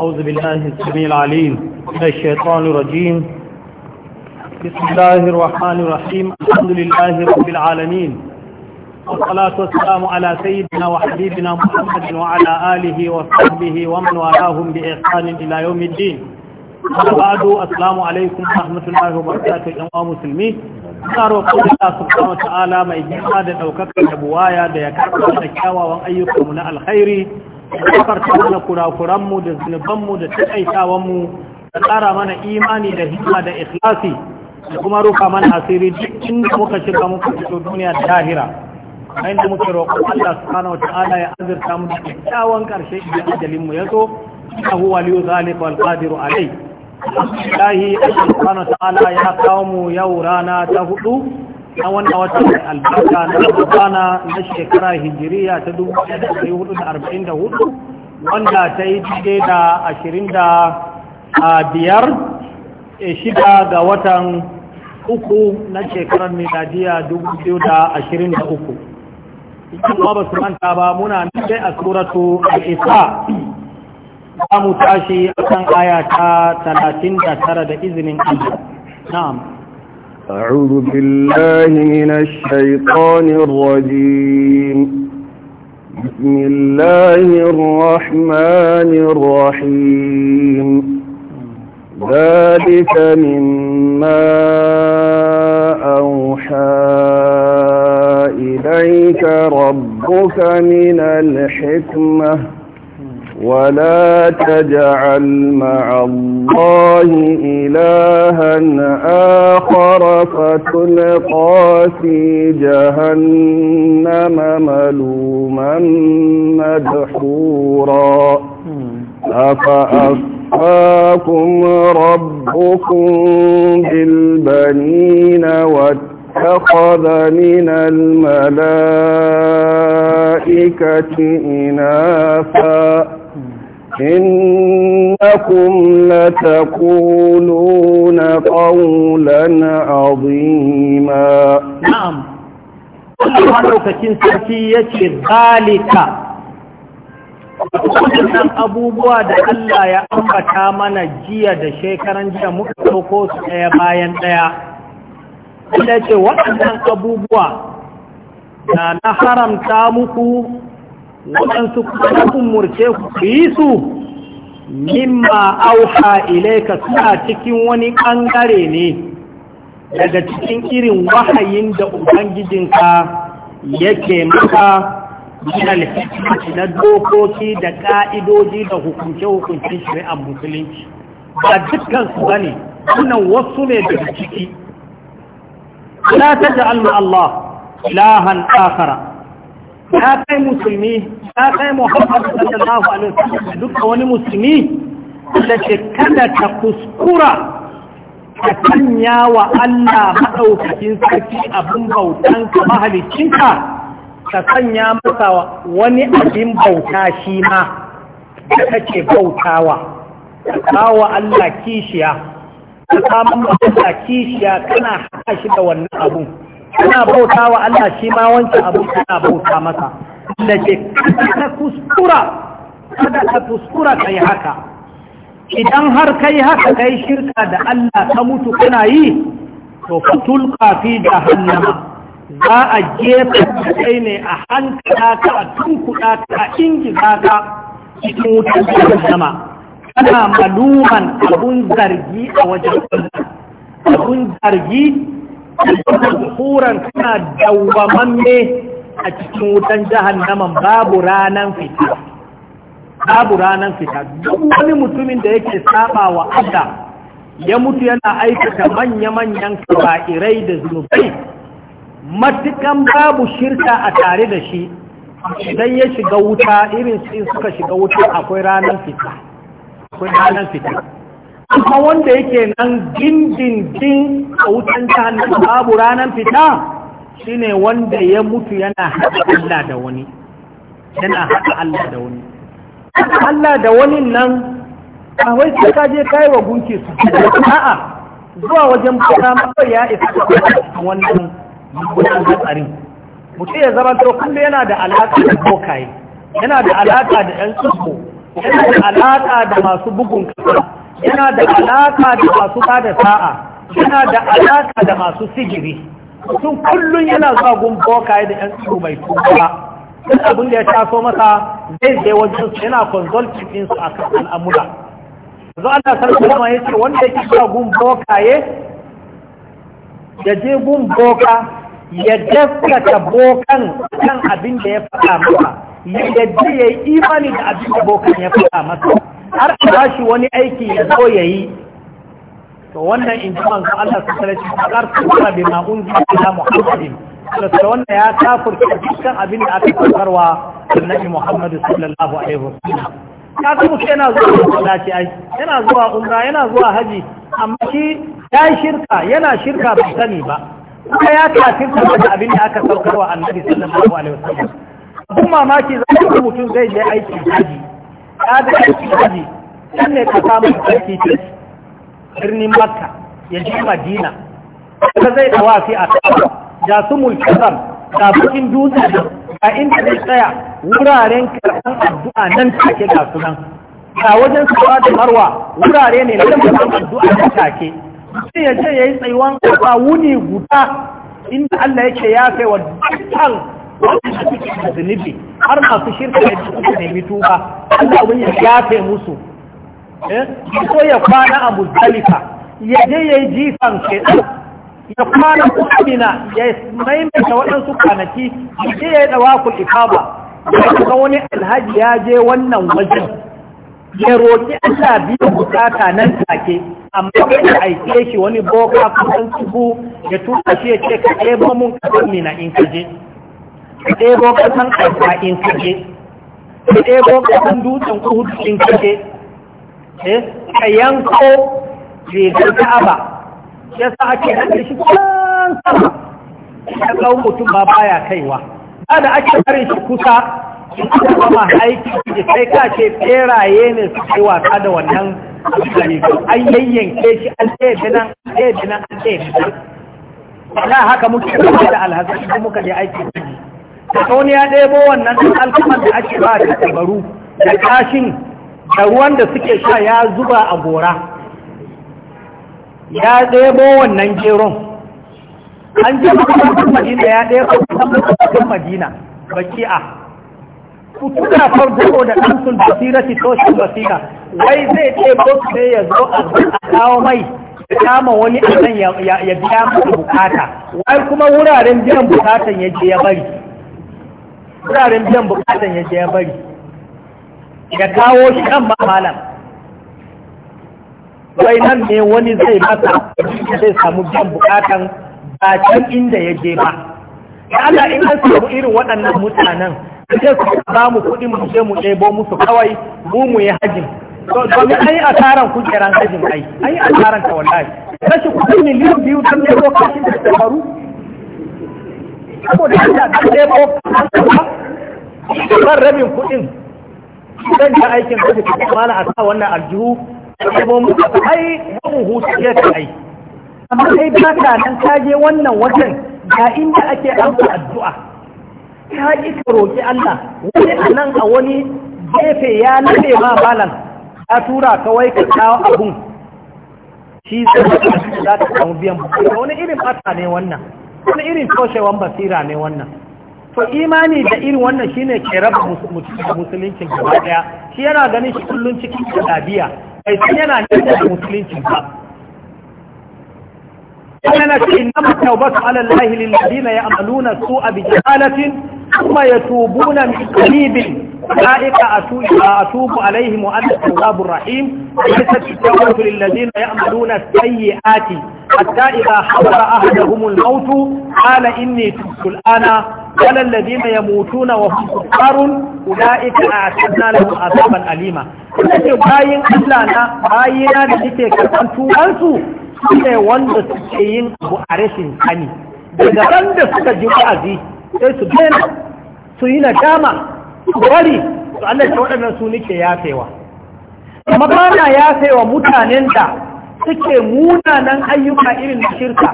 أعوذ بالله السميع العليم من الشيطان الرجيم بسم الله الرحمن الرحيم الحمد لله رب العالمين والصلاة والسلام على سيدنا وحبيبنا محمد وعلى آله وصحبه ومن والاهم بإحسان إلى يوم الدين وبعد السلام عليكم ورحمة الله وبركاته يا مسلمين karo Allah subhanahu wataala mai girma da daukakar da buwaya da ya karɓa da kyawawan ayyukanmu na alkhairi gafarta mana kurakuranmu da zunubanmu da taƙaitawanmu da tsara mana imani da hikima da ikhlasi da kuma rufa mana asiri duk inda muka shiga muka fito duniya da lahira a inda muke roƙon Allah subhanahu wata'ala ya azurta mu da kyakkyawan karshe idan ajalin mu ya zo ina huwa liyu zalika wal qadiru alai Allah subhanahu wata'ala ya kawo mu yau rana ta hudu na wannan watan albarka na ramadana na shekara hijiriya ta 1444 wanda ta yi daidai da ashirin da biyar e, shida ga watan uku na shekarar miladiya 2023 ikin ma ba su manta ba muna nufai a a isa ba mu tashi a aya ta 39 da izinin allah na'am أعوذ بالله من الشيطان الرجيم بسم الله الرحمن الرحيم ذلك مما أوحى إليك ربك من الحكمة ولا تجعل مع الله إلها آخر فتلقى في جهنم ملوما مدحورا أفأصفاكم ربكم بالبنين واتخذ من الملائكة إناثا إنكم لتقولون قولا عظيما نعم Allah maɗaukakin sarki ya ce zalika waɗannan abubuwa da Allah ya ambata mana jiya da shekaran jiya muka ɗauko su ɗaya bayan ɗaya ya ce waɗannan abubuwa da na haramta muku waɗansu kuma sun murce ku yi su mimma auha ilaika suna cikin wani ɓangare ne daga cikin irin wahayin da ubangijinka yake maka minal hikmati na dokoki da ƙa'idoji da hukunce-hukuncin shari'ar musulunci ba dukkansu ba ne wannan wasu ne daga ciki Na ta ja'alma Allah ilahan akara ya kai musulmi ya kai muhammadu sallallahu alaihi wasallam duka wani musulmi da ke kada ta kuskura ka sanya wa Allah maɗaukakin sarki abin bautan ka mahalicinka ka sanya masa wani abin bauta shi ma da kake bautawa ka wa Allah kishiya ka samun Allah kishiya kana hada shi da wannan abun kana bauta wa Allah shi ma wanke abu kana bauta masa da ke ka kuskura kada ka kuskura kai haka idan har kai haka kai shirka da Allah ka mutu kana yi to ka tulka fi hannama. za a jefa kai ne a hankala ka a tunkuɗa ka a ingiza ka cikin wutar jahannama kana maluman abun zargi a wajen Allah. abun zargi kuran kana mamme a cikin wutan jahannaman babu ranan fita babu ranan fita duk wani mutumin da yake saba wa Allah ya mutu yana aikata manya-manyan kaba'irai da zunubai matukan babu shirta a tare da shi idan ya shiga wuta irin su suka shiga wuta akwai ranar fita akwai ranar fita amma wanda yake nan din-din-din a wutan jahannama babu ranar fita shine wanda ya mutu yana haɗa Allah da wani yana haɗa Allah da wani Allah da wani nan a wai sai ka je kai wa gunki su a'a zuwa wajen bauta mafi ya isa wannan wannan hatsarin mutum ya zama to kullum yana da alaƙa da bokaye yana da alaƙa da 'yan tsubo yana da alaƙa da masu bugun kasa yana da alaka da masu bada sa'a yana da alaka da masu sigiri mutum kullum yana zuwa gun boka da yan tsoro mai tuba duk abin da ya taso masa zai zai wajen su yana consulting din su kan al'amura zo Allah sarki kuma ce wanda ya ke zuwa gun bokaye ya je gun boka ya ta bokan kan abin da ya faɗa masa ya yadda ya yi imani da abin da bokan ya faɗa masa har a ba shi wani aiki ya zo ya yi to wannan in ji manzo Allah su tare shi kar su fara bi ma'un zuwa ila Muhammadin to wannan ya kafirta dukkan abin da aka karkarwa annabi muhammadu sallallahu alaihi wasallam ka ga mutum yana zuwa masallaci ai yana zuwa umra yana zuwa haji amma shi ya shirka yana shirka bai sani ba kuma ya kafin da abin da aka saukar wa annabi sallallahu alaihi wasallam abun mamaki za ka mutum zai je aiki haji ya ga aiki haji can ne ka samu sarki ce birnin makka ya je madina ka zai dawafi a kawo da su mulkazam da bukin dutse a inda zai tsaya wuraren karɓar addu'a nan take ga sunan a wajen su da marwa wurare ne na addu'a nan take sai ya ce ya yi tsayuwan kafa wuni guda inda Allah yake ya kai wa dukkan wanda suke da zunubi har masu shirka da da nemi ba Allah wani ya yafe musu eh ko ya kwana a muzdalifa ya je ya yi jifan shedan ya kwana kuɗina ya maimaita waɗansu kwanaki ya je ya yi dawakul ifaba ya ga wani alhaji ya je wannan wajen ya roƙi Allah biyu bukata nan take amma ya aike shi wani boka kusan tubu ya tuka shi ya ce ka ɗebo mun kasar mina in ka je ka ɗebo kasan aifa in ka je ka ɗebo kasan dutsen kuhu in ka je eh, ka yanko rigar aba ya sa ake haɗe shi can sama ya ɗau mutum ba baya kaiwa ba da ake karin shi kusa kuma aiki da sai ka ce tseraye ne su kai wasa da wannan an yayyanke shi an tsaye nan an tsaye nan an tsaye nan na haka muke kuma da alhazan kuma muka je aiki ne da tsoni ya ɗebo wannan ɗan alkaman da ake ba da tabaru da kashin da ruwan da suke sha ya zuba a gora ya ɗebo wannan jeron an je mutum madina ya ɗebo mutum madina baki'a ku farko da ɗansun basira ci toshin basira wai zai ce boss ya zo a kawo mai kama wani a ya biya masa bukata wai kuma wuraren biyan bukatan ya je ya bari wuraren biyan bukatan ya je ya bari ya kawo shi kan malam wai nan ne wani zai masa zai samu biyan bukatan ba can inda ya je ba Allah in an samu irin waɗannan mutanen sai su samu kuɗi mu je mu ɗebo musu kawai mu mu yi hajji domin an yi asaran kujeran hajjin ai an yi asaran ta wallahi rashin kuɗi miliyan biyu don ɗebo kashin da ta faru saboda yadda ta ɗebo ban rabin kuɗin zan ta aikin hajji ta kamala a sa wannan aljihu ta ɗebo musu ai mu hutu ya ta ai amma sai ba ka nan ta je wannan watan ga inda ake amsa addu'a ka ƙi ka roƙi Allah wani a nan a wani gefe ya nade ma balan ya tura kawai ka kawo abun shi zai za ta samu biyan basira wani irin fata ne wannan wani irin toshewan basira ne wannan to imani da irin wannan shine ke raba musuluncin gaba daya shi yana ganin shi kullun cikin jadadiya bai san yana nuna da musuluncin ba yana ce inna tawbatu ala allahi lil ladina ya'maluna su'a bi jahalatin Kuma ya tubuna na kalibin ka'ika a tubu alaihi mu'adda tawwabur rahim sai ta cikin wasu lillazina ya amaluna sayi ati hatta idza hadara ahaduhum al-maut qala inni tubtul ana wala alladhina yamutuna wa hum kuffarun ulaika a'tadna lahum adhaban alima sai bayin Allah na bayina da take karban tuwan su sai wanda suke yin abu a rashin sani daga ran da suka ji wa'azi. sai su daina su yi na dama su bari su Allah waɗannan su nike yafewa amma ba na yafewa mutanen da suke munanan ayyuka irin na shirka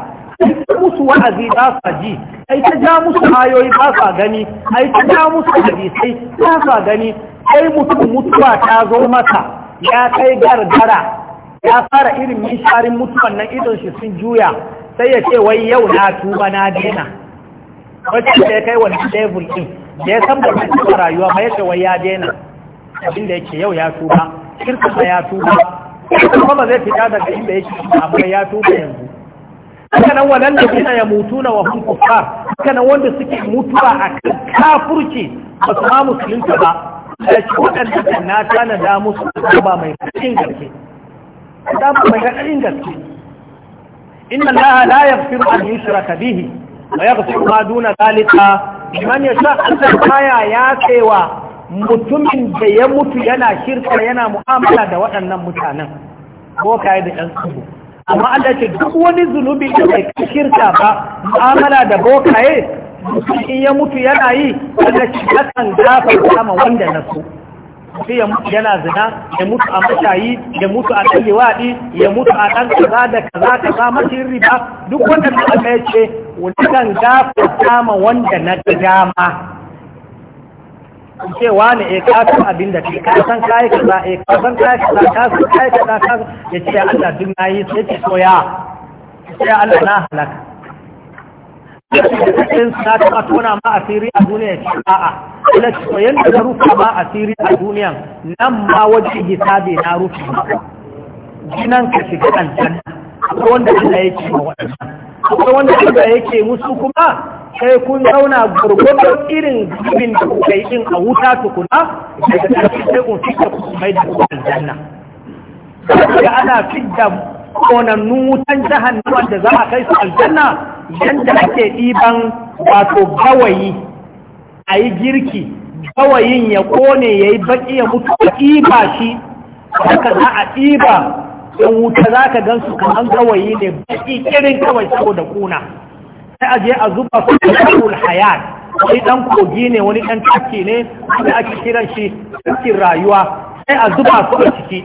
musu wa'azi ba sa ji ai ta ja musu hayoyi ba sa gani ai ta ja musu hadisai ba sa gani sai mutu mutuwa ta zo masa ya kai gargara ya fara irin mishari mutuwan nan idon shi sun juya sai ya ce wai yau na tuba na dena wacce da ya kai wani level din da ya san ba ta rayuwa ba ya ce wai ya daina abinda ya ce yau ya tuba shirka ba ya tuba kuma ba zai fita daga inda ce amma ya tuba yanzu haka nan da kina ya mutu na wahun kufar haka wanda suke mutuwa a kan kafurci ba su ma musulunta ba da shi waɗanda kan na da musu ba mai kaɗin gaske ba mai kaɗin gaske inna allaha la yaghfiru an yushraka bihi wa ya kasu ma duna zalika iman ya sha Allah baya ya tsewa mutumin da ya mutu yana shirka yana mu'amala da waɗannan mutanen ko yi da ɗan tsubu amma Allah ce duk wani zunubi da bai shirka ba mu'amala da bokaye in ya mutu yana yi Allah ce hakan gafarta ma wanda na so sai ya mutu yana zina ya mutu a mashayi ya mutu a ɗan liwaɗi ya mutu a ɗan kaza da kaza kaza mashi riba duk wanda na aka ya ce wutan gafarta ma wanda na dama cewa ne e eh, ka san abin da ke ka san kai kaza e ka san kai kaza ka san kai kaza ka ya ce Allah duk yi sai ce soya ya Allah na halaka in na ta tona ma asiri a duniya shi a'a ila ci to yanda na rufa ma asiri a duniya nan ma wajen hisabi na rufe maka jinan ka shiga aljanna akwai wanda Allah yake ma waɗannan akwai wanda Allah yake musu kuma sai kun zauna gurgurdo irin zubin da kuka yi din a wuta tukuna daga ƙarfi sai kun fita ku mai da aljanna daga ana fidda konannu wutan jahannama da za a kai su aljanna yadda ake ɗiban wato gawayi a yi girki gawayin ya kone ya yi baƙi ya mutu a ɗiba shi haka za a ɗiba in wuta za ka gan su kamar gawayi ne baƙi irin kawai sau da kuna sai a je a zuba su da shakul hayat wani ɗan kogi ne wani ɗan taki ne wani ake kiran shi cikin rayuwa sai a zuba su a ciki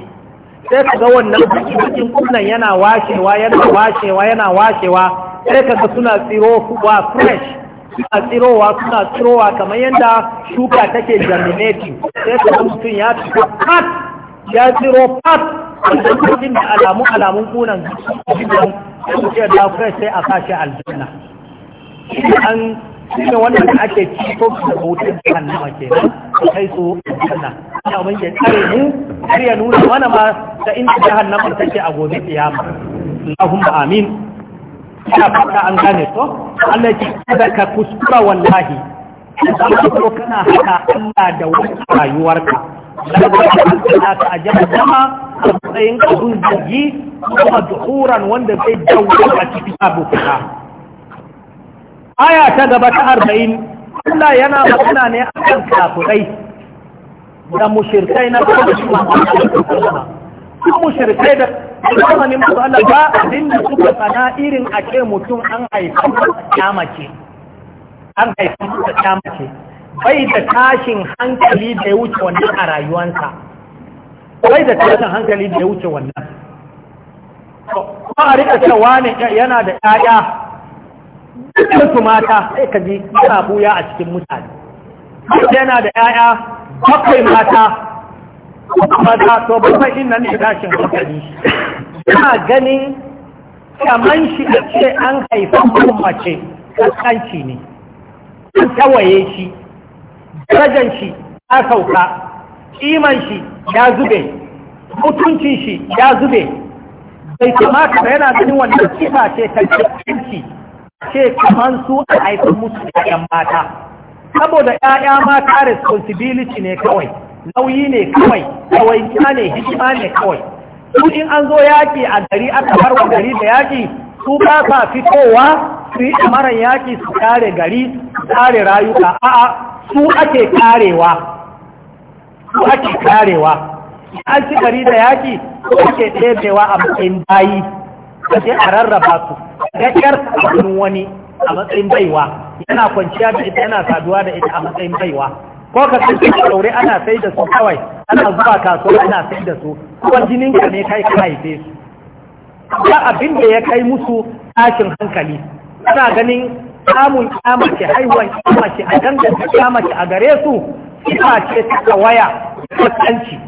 sai ka ga wannan cikin kunnan yana washewa yana washewa yana washewa sai ka ga suna tsirowa fresh suna tsirowa suna tsirowa kamar yadda shuka take germinating sai ka ga mutum ya tsiro pat ya tsiro pat a cikin da alamun alamun kunan jikin da ku fresh sai a sashi aljanna shi ne wannan da ake ciko da wutar jahannama ke kai su janna ina ban ya tsare mu har ya nuna mana ma da inda jahannama take a gobe kiyama Allahumma amin ya fata an gane to Allah ki kada ka kuskura wallahi idan ka so kana haka Allah da wani rayuwarka Allah ka ajaba jama a matsayin abun ko kuma duhuran wanda zai dawo a cikin abu aya ta gaba ta arba'in Allah yana magana ne a kan kafirai da mushirkai na kuma mushirkai da zamanin masu Allah ba abin da suka tsana irin a ce mutum an da kyamace an da kyamace bai da tashin hankali da ya wuce wannan a rayuwansa bai da tashin hankali da ya wuce wannan kuma a rika cewa ne yana da 'ya'ya dukkan su mata sai ka ji yana buya a cikin mutane yana da yaya bakwai mata maza to bakwai din nan ne tashin hankali ina ganin kaman shi a ce an haifa mun mace kankanci ne an tawaye shi darajan shi ya sauka kiman shi ya zube mutuncin shi ya zube bai kamata ba yana ganin wannan kifa ce ta kankanci ce kaman su a haifar musu ‘yan mata saboda yaya mata responsibility ne kawai nauyi ne kawai kawai ne hikima ne kawai su in an zo yaƙi a gari aka wa gari da yaƙi su ba sa fitowa su yi marar yaƙi su kare gari su kare rayuka a'a su ake karewa su ake karewa an ci gari da yaƙi su ake ɗebewa a matsayin bayi da sai a rarraba su gaggar a wani a matsayin baiwa yana kwanciya da ita yana saduwa da ita a matsayin baiwa ko ka san cewa daure ana sai da su kawai ana zuwa kasuwa ana sai da su kuma jinin ka ne kai ka haife su ba abin da ya kai musu tashin hankali ana ganin samun kyamace haihuwan kyamace a danganta kyamace a gare su sifa ce ta waya ta kanci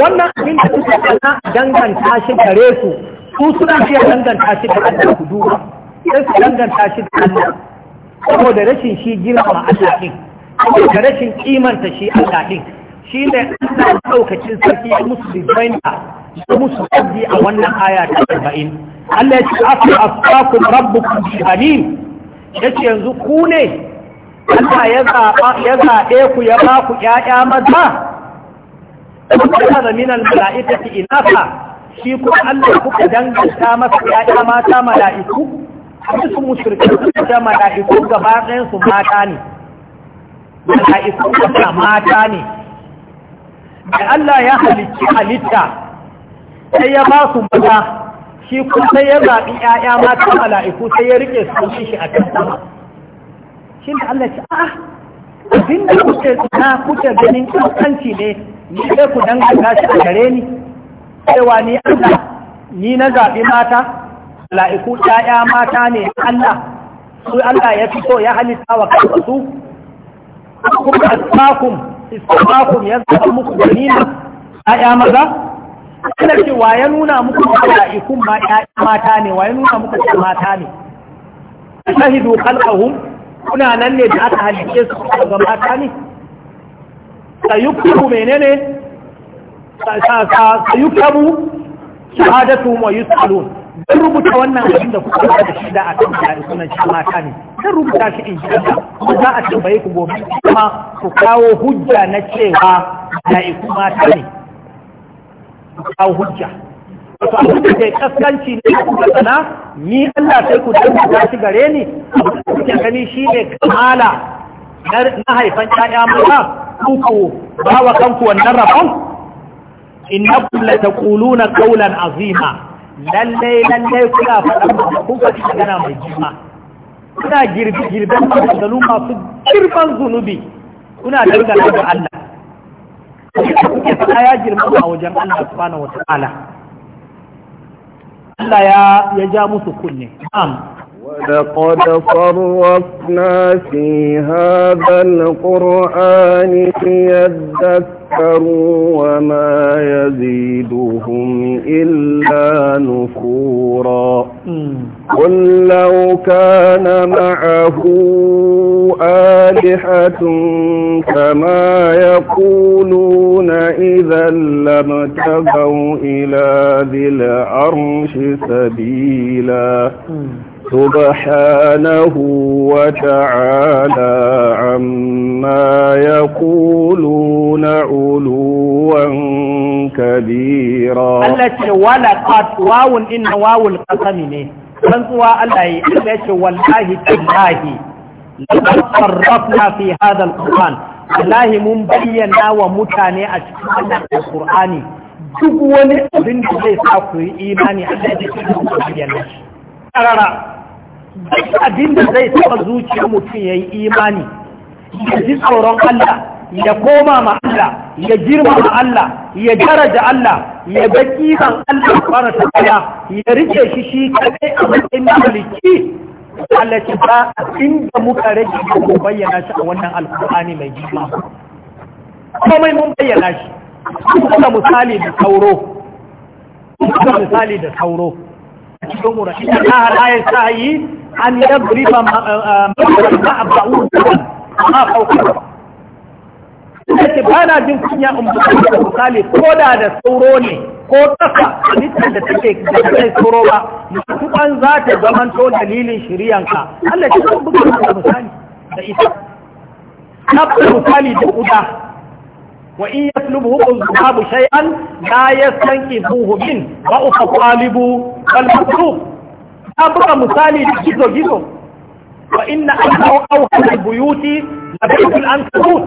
wannan abin da suka kana danganta shi gare su su suna fiye danganta shi da Allah ku duba sai su danganta shi da Allah saboda rashin shi girma Allah din saboda rashin kimanta shi Allah din shi ne Allah daukacin sarki ya musu bibaina ya musu abdi a wannan aya ta 40 Allah ya ce afa asfakum rabbukum bi Ya ce yanzu ku ne Allah ya zaɓa ya zaɓe ku ya ba ku ƴaƴa maza kuma da minal mala'ikati inafa shi kuma Allah kuka danganta masa ƴaƴa mata mala'iku su mushrikai suka mala'iku gaba ɗayan su mata ne mala'iku suka mata ne da Allah ya halicci halitta sai ya ba su mata shi kuma sai ya zaɓi ƴaƴa mata mala'iku sai ya rike su shi a kan sama shi ne Allah ce a'a abinda kuke na kuke ganin kanci ne ni sai ku danganta shi a gare ni cewa ni Allah ni na zaɓi mata la'iku ɗaya mata ne Allah su Allah ya fito ya halitta wa kansa su kuma asbakum isbakum ya zaɓa muku na? ɗaya maza ina ce wa ya nuna muku la'ikun ma ɗaya mata ne wa ya nuna muku da mata ne shahidu khalqahum kuna nan ne da aka halice su ga mata ne mene menene sayukabu shahadatuhum wa yus'alun dan rubuta wannan abin da kuka ba da shida a kan da sunan shi mata ne dan rubuta shi in shi kuma za a tambaye ku gobe kuma ku kawo hujja na cewa mala'iku mata ne ku kawo hujja wato abin da ke kaskanci ne kuka sana ni Allah sai ku tabbata shi gare ni abin da kuke gani shine kamala na haifan ƴaƴa mu ku ku ba wa kanku wannan rabon Inna ta kuluna qawlan azima Lallai-lallai, kuna faɗa kuka ci magana mai jima kuna girbi girban masu masu girban zunubi kuna dangana da Allah kuke faɗa ya girma a wajen Allah subhanahu wa ta'ala Allah ya ja musu kunne ولقد صرفنا في هذا القرآن ليذكروا وما يزيدهم إلا نفورا قل لو كان معه آلهة كما يقولون إذا لم تبوا إلى ذي العرش سبيلا سبحانه وتعالى عما يقولون علوا كبيرا التي ولقد واو إن واو القسم نه فانسوا الله التي والله تالله لقد صرفنا في هذا القرآن الله من بينا ومتاني أشكال القرآن duk wani abin da إيماني sa ku abin da zai taɓa zuciyar mutum ya yi imani ya ji tsoron Allah ya koma ma Allah ya girma ma Allah ya daraja Allah ya ga kiran Allah fara ta'ala ya rike shi shi kadai a matsayin maliki Allah ce ba inda muka rage mu bayyana shi a wannan alkur'ani mai girma komai mun bayyana shi kuma misali da sauro kuma misali da sauro a cikin mura ina la sa yi أن يضرب ma'abba'un ma fauka ce ba na jin kunya in da misali ko da da sauro ne ko a halittar da take da kai sauro ba mutukan za ta to dalilin shiriyanka Allah ce kan buga da misali da ita na misali da kuda wa in yaslubu babu shay'an la yastanqifuhu min wa ufa talibu wal ta buga misali da gizo gizo wa inna an hau au hau buyuti da baitul an kabut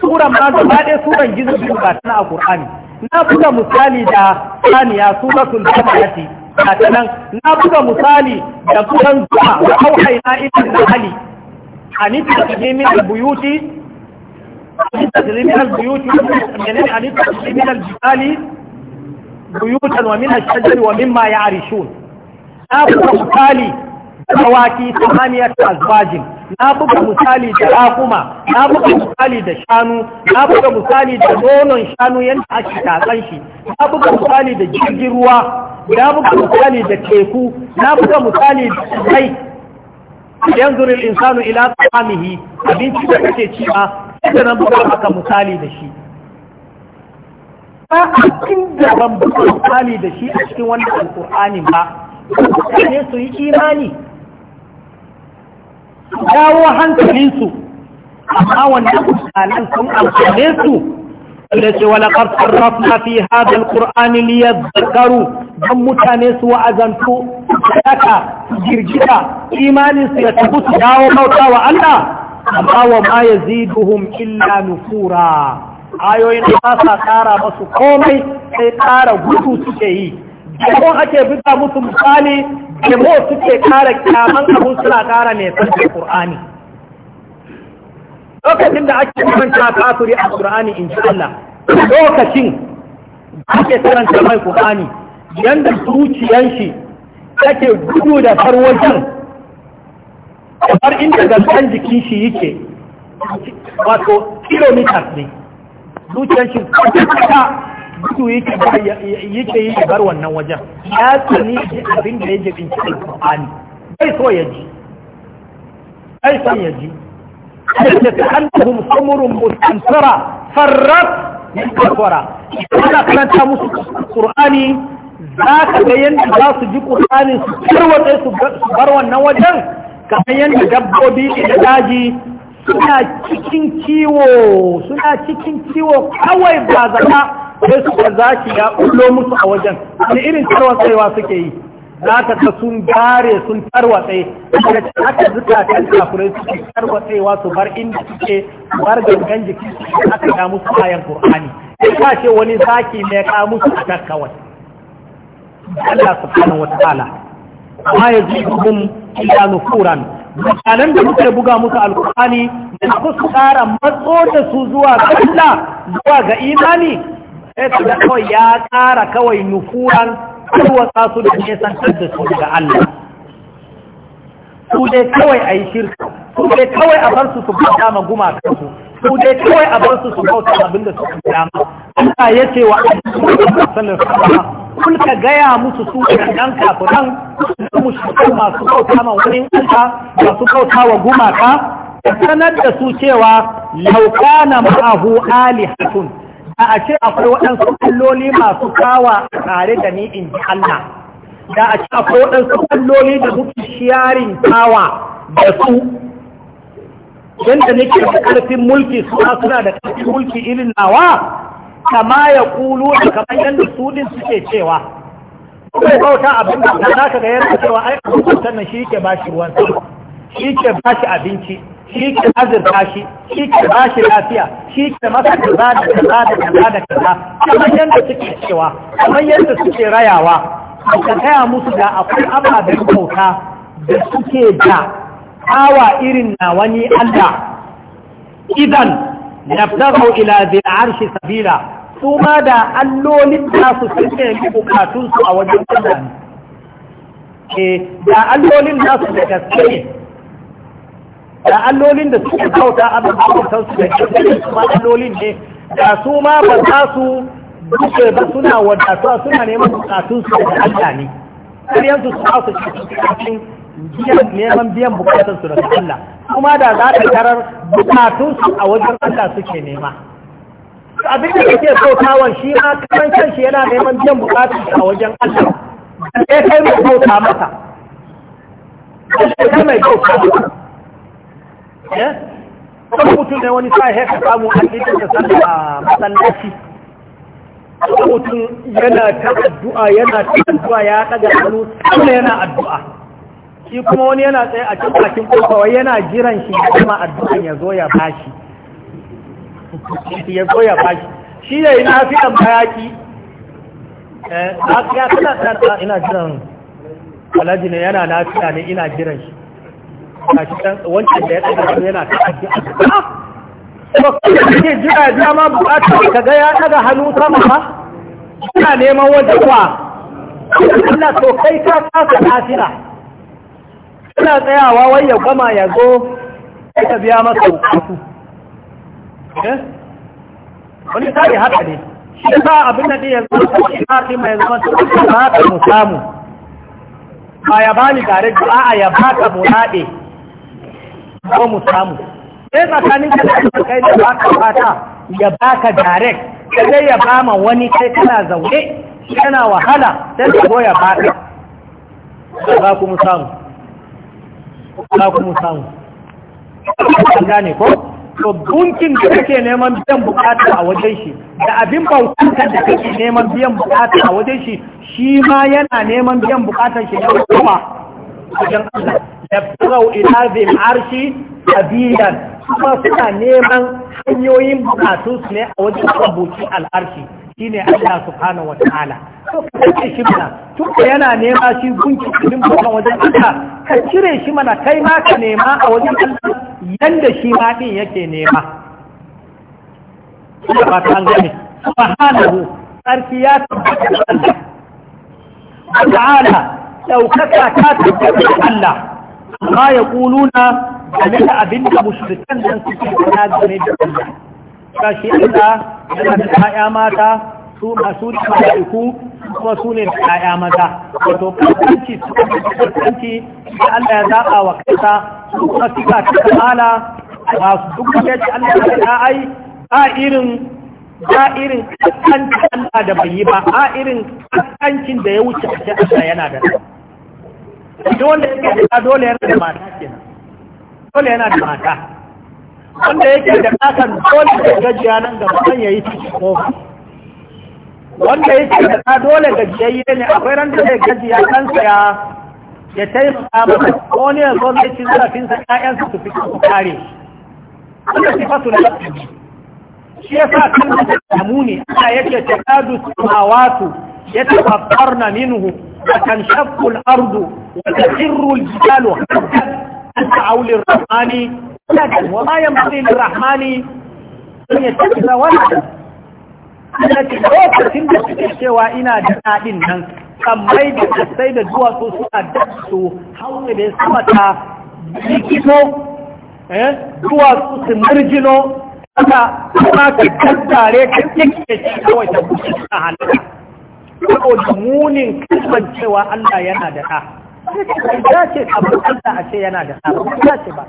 suran ma gaba ɗaya suran gizo gizo ba tana a ƙur'ani. na buga misali da saniya suratul jami'ati ba ta nan na buga misali da kusan zuwa wa hau hali, a ali an tafi min buyuti an tafi min buyuti an tafi min al-jibali buyutan wa min wa min wa mimma ya'rishun na buga misali ta hanyar azwajin na buga misali da rakuma na buga misali da shanu na buga misali da nonon shanu yadda ake tatsan shi na buga misali da jirgin ruwa na buga misali da teku na buga misali da yan yanzu insanu ila tsamihi abinci da kake ci ma da nan buga haka misali da shi ba a cikin da ban buga misali da shi a cikin wannan alƙur'anin ba mutane su yi imani dawo hankalinsu amma wannan misalan sun amfane su da ce wala ƙarfin rafna fi hadal ƙur'ani liya zakaru don mutane su wa'azantu daga girgita imaninsu ya tafi su dawo bauta wa Allah amma wa ma ya ziduhum illa nufura ayoyin da ba sa ƙara masu komai sai ƙara gudu suke yi ko ake buga musu misali kemo suke kara kyaman abun suna kara ne san da Qur'ani lokacin da ake karanta kafiri a Qur'ani insha Allah lokacin da ake karanta mai Qur'ani yanda zuciyan shi take gudu da farwajen kamar inda gangan jikin shi yake wato kilomita ne zuciyan shi kwata gudu yake yake yi bar wannan wajen ya tsani ji abin da yake jibin cikin Qur'ani bai so ya ji bai son ya ji da ta annahum samurun mustansara farrat min kafara ana karanta musu Qur'ani za ka ga yadda za su ji Qur'ani su tarwatsa su bar wannan wajen kamar yadda dabbobi da daji suna cikin kiwo suna cikin kiwo kawai ba zaka sai su zaki ya ƙullo musu a wajen wani irin tarwatsewa suke yi za ka ta sun gare sun tarwatse da aka zuka kan kafirai suke tarwatsewa su bar inda suke bar gangan jiki su aka ga musu ayan qur'ani sai ka ce wani zaki ne ka musu a kan kawai Allah subhanahu wataala amma yazidhum illa nufuran mutanen da muke buga musu alqur'ani da su ƙara matso da su zuwa ga Allah zuwa ga imani sai su ga kawai ya ƙara kawai nufuran tarwatsa su da san da su daga Allah su dai kawai a yi shirka su dai kawai a bar su su bauta ma gumakansu su dai kawai a bar su su bauta abinda su kan dama Allah ya ce wa Allah kun ka gaya musu su ɗan kafiran su mushrikan masu bauta ma wani Allah masu bauta wa gumaka sanar da su cewa laukana ma'ahu alihatun a ashe akwai waɗansu alloli masu kawa tare da ni in Allah da a ce akwai waɗansu alloli da muke shiyarin kawa da su yadda nake da ƙarfin mulki suna suna da ƙarfin mulki irin nawa kama ya kulu da kamar yadda su din suke cewa Kuma bauta abin da za ka ga yadda cewa ai abin nan shi ke ba shi ruwan sama shi ke ba shi abinci shi ke azurta shi shi ke ba shi lafiya shi ke masa kaza da kaza da kaza da kaza kamar yadda suke cewa kamar yadda suke rayawa ka gaya musu da akwai ababen bauta da suke da awa irin na wani Allah idan naftaru ila zil arshi sabila su ma da allolin da su suke yi bukatunsu a wajen Allah ne eh, da allolin nasu da gaske ne da allolin da suke bauta a bautan su da kirkirin kuma allolin ne da su ma ba za su duke ba suna wadatuwa suna neman bukatun su da Allah ne karyansu su ba su cikin neman biyan bukatun su daga Allah kuma da za ta tarar bukatun su a wajen Allah suke nema abin da suke so shi ma karan shi yana neman biyan bukatun a wajen Allah da kai mai bauta masa kai mai bauta masa ya eh? kuma mutum ne wani sai haka samu a cikin da a masallaci kuma mutum yana ta addu'a yana ta addu'a ya daga hannu kuma yana addu'a shi kuma wani yana tsaye a cikin bakin kofa yana jiran shi kuma addu’a ya zo ya bashi ya zo ya bashi shi ya yi nafi'an bayaki ya eh, tana ina jiran alhaji ne yana lafiya ne ina jiran shi wancan da ya daga hannu yana ta'addi ta addu'a ba ke jira jira ma bukata ka ga ya daga hannu sama ba ina neman wanda kwa Allah to kai ka kasa asira ina tsayawa wai ya gama ya zo sai ka biya masa bukatu eh? wani sai haka ne shi ba abin da ya zama shi haka mai zama su ba ta mu samu ba ya bani tare da a ya baka mu nade ko mu samu sai tsakanin ka da kai da baka fata ya baka direct sai ya bama wani kai kana zaune kana wahala sai ka goya baka za ku mu samu za ku mu samu ka gane ko to gunkin da kake neman biyan bukata a wajen shi da abin bautar da kake neman biyan bukata a wajen shi shi ma yana neman biyan bukatar shi ne kuma wajen Allah da farau ila zai arshi abiyan kuma suna neman hanyoyin bukatun su ne a wajen abokin al'arshi ne Allah subhanahu wa ta'ala to ka kace shi mana tun da yana nema shi gunki cikin bukan wajen Allah ka cire shi mana kai ma ka nema a wajen Allah yadda shi ma din yake nema kuma ba ta gane subhanahu sarki ya tabbata Allah ta'ala ɗaukaka ta tabbata da Allah amma ya kuluna game da abin da mushrikan nan suke kana game da Allah kashi Allah yana da ƴaƴa mata su masu mala'iku kuma su ne da ƴaƴa maza wato kasance su kasance da Allah ya zaɓa wa kansa su kuma suka ta kamala ba su duk wanda Allah ya ai a irin ba irin kaskancin Allah da bai yi ba a irin kaskancin da ya wuce a ce Allah yana da ɗan Dole yake da dole yana da mata kenan dole yana da mata wanda yake da ɗakan dole da gajiya nan da ban ya yi ciki ko wanda yake da ɗa dole gajiya ne akwai ran da zai gajiya kansa ya ya taimaka masa ko ne ya zo zai ci zarafinsa ƴaƴansa su fi su kare wanda sifatul lafiya shi yasa kan da samu ne ana yake ta kadu samawatu ya tafattarna minhu wa tanshaqqu al-ardu wa tasirru al-jibalu an ta'awul ar-rahmani lakin wa ma yanbaghi lir-rahmani an yattakhidha walada allati lokacin da suke cewa ina da daɗin nan kammai da kasai da duwatsu suna da su haure da sama ta likito eh duwatsu su murjino haka kuma ka kaddare ka kike shi kawai ta kusa ta halaka saboda munin kalmar cewa Allah yana da ɗa ta ce kamar Allah a ce yana da ɗa ba ce ba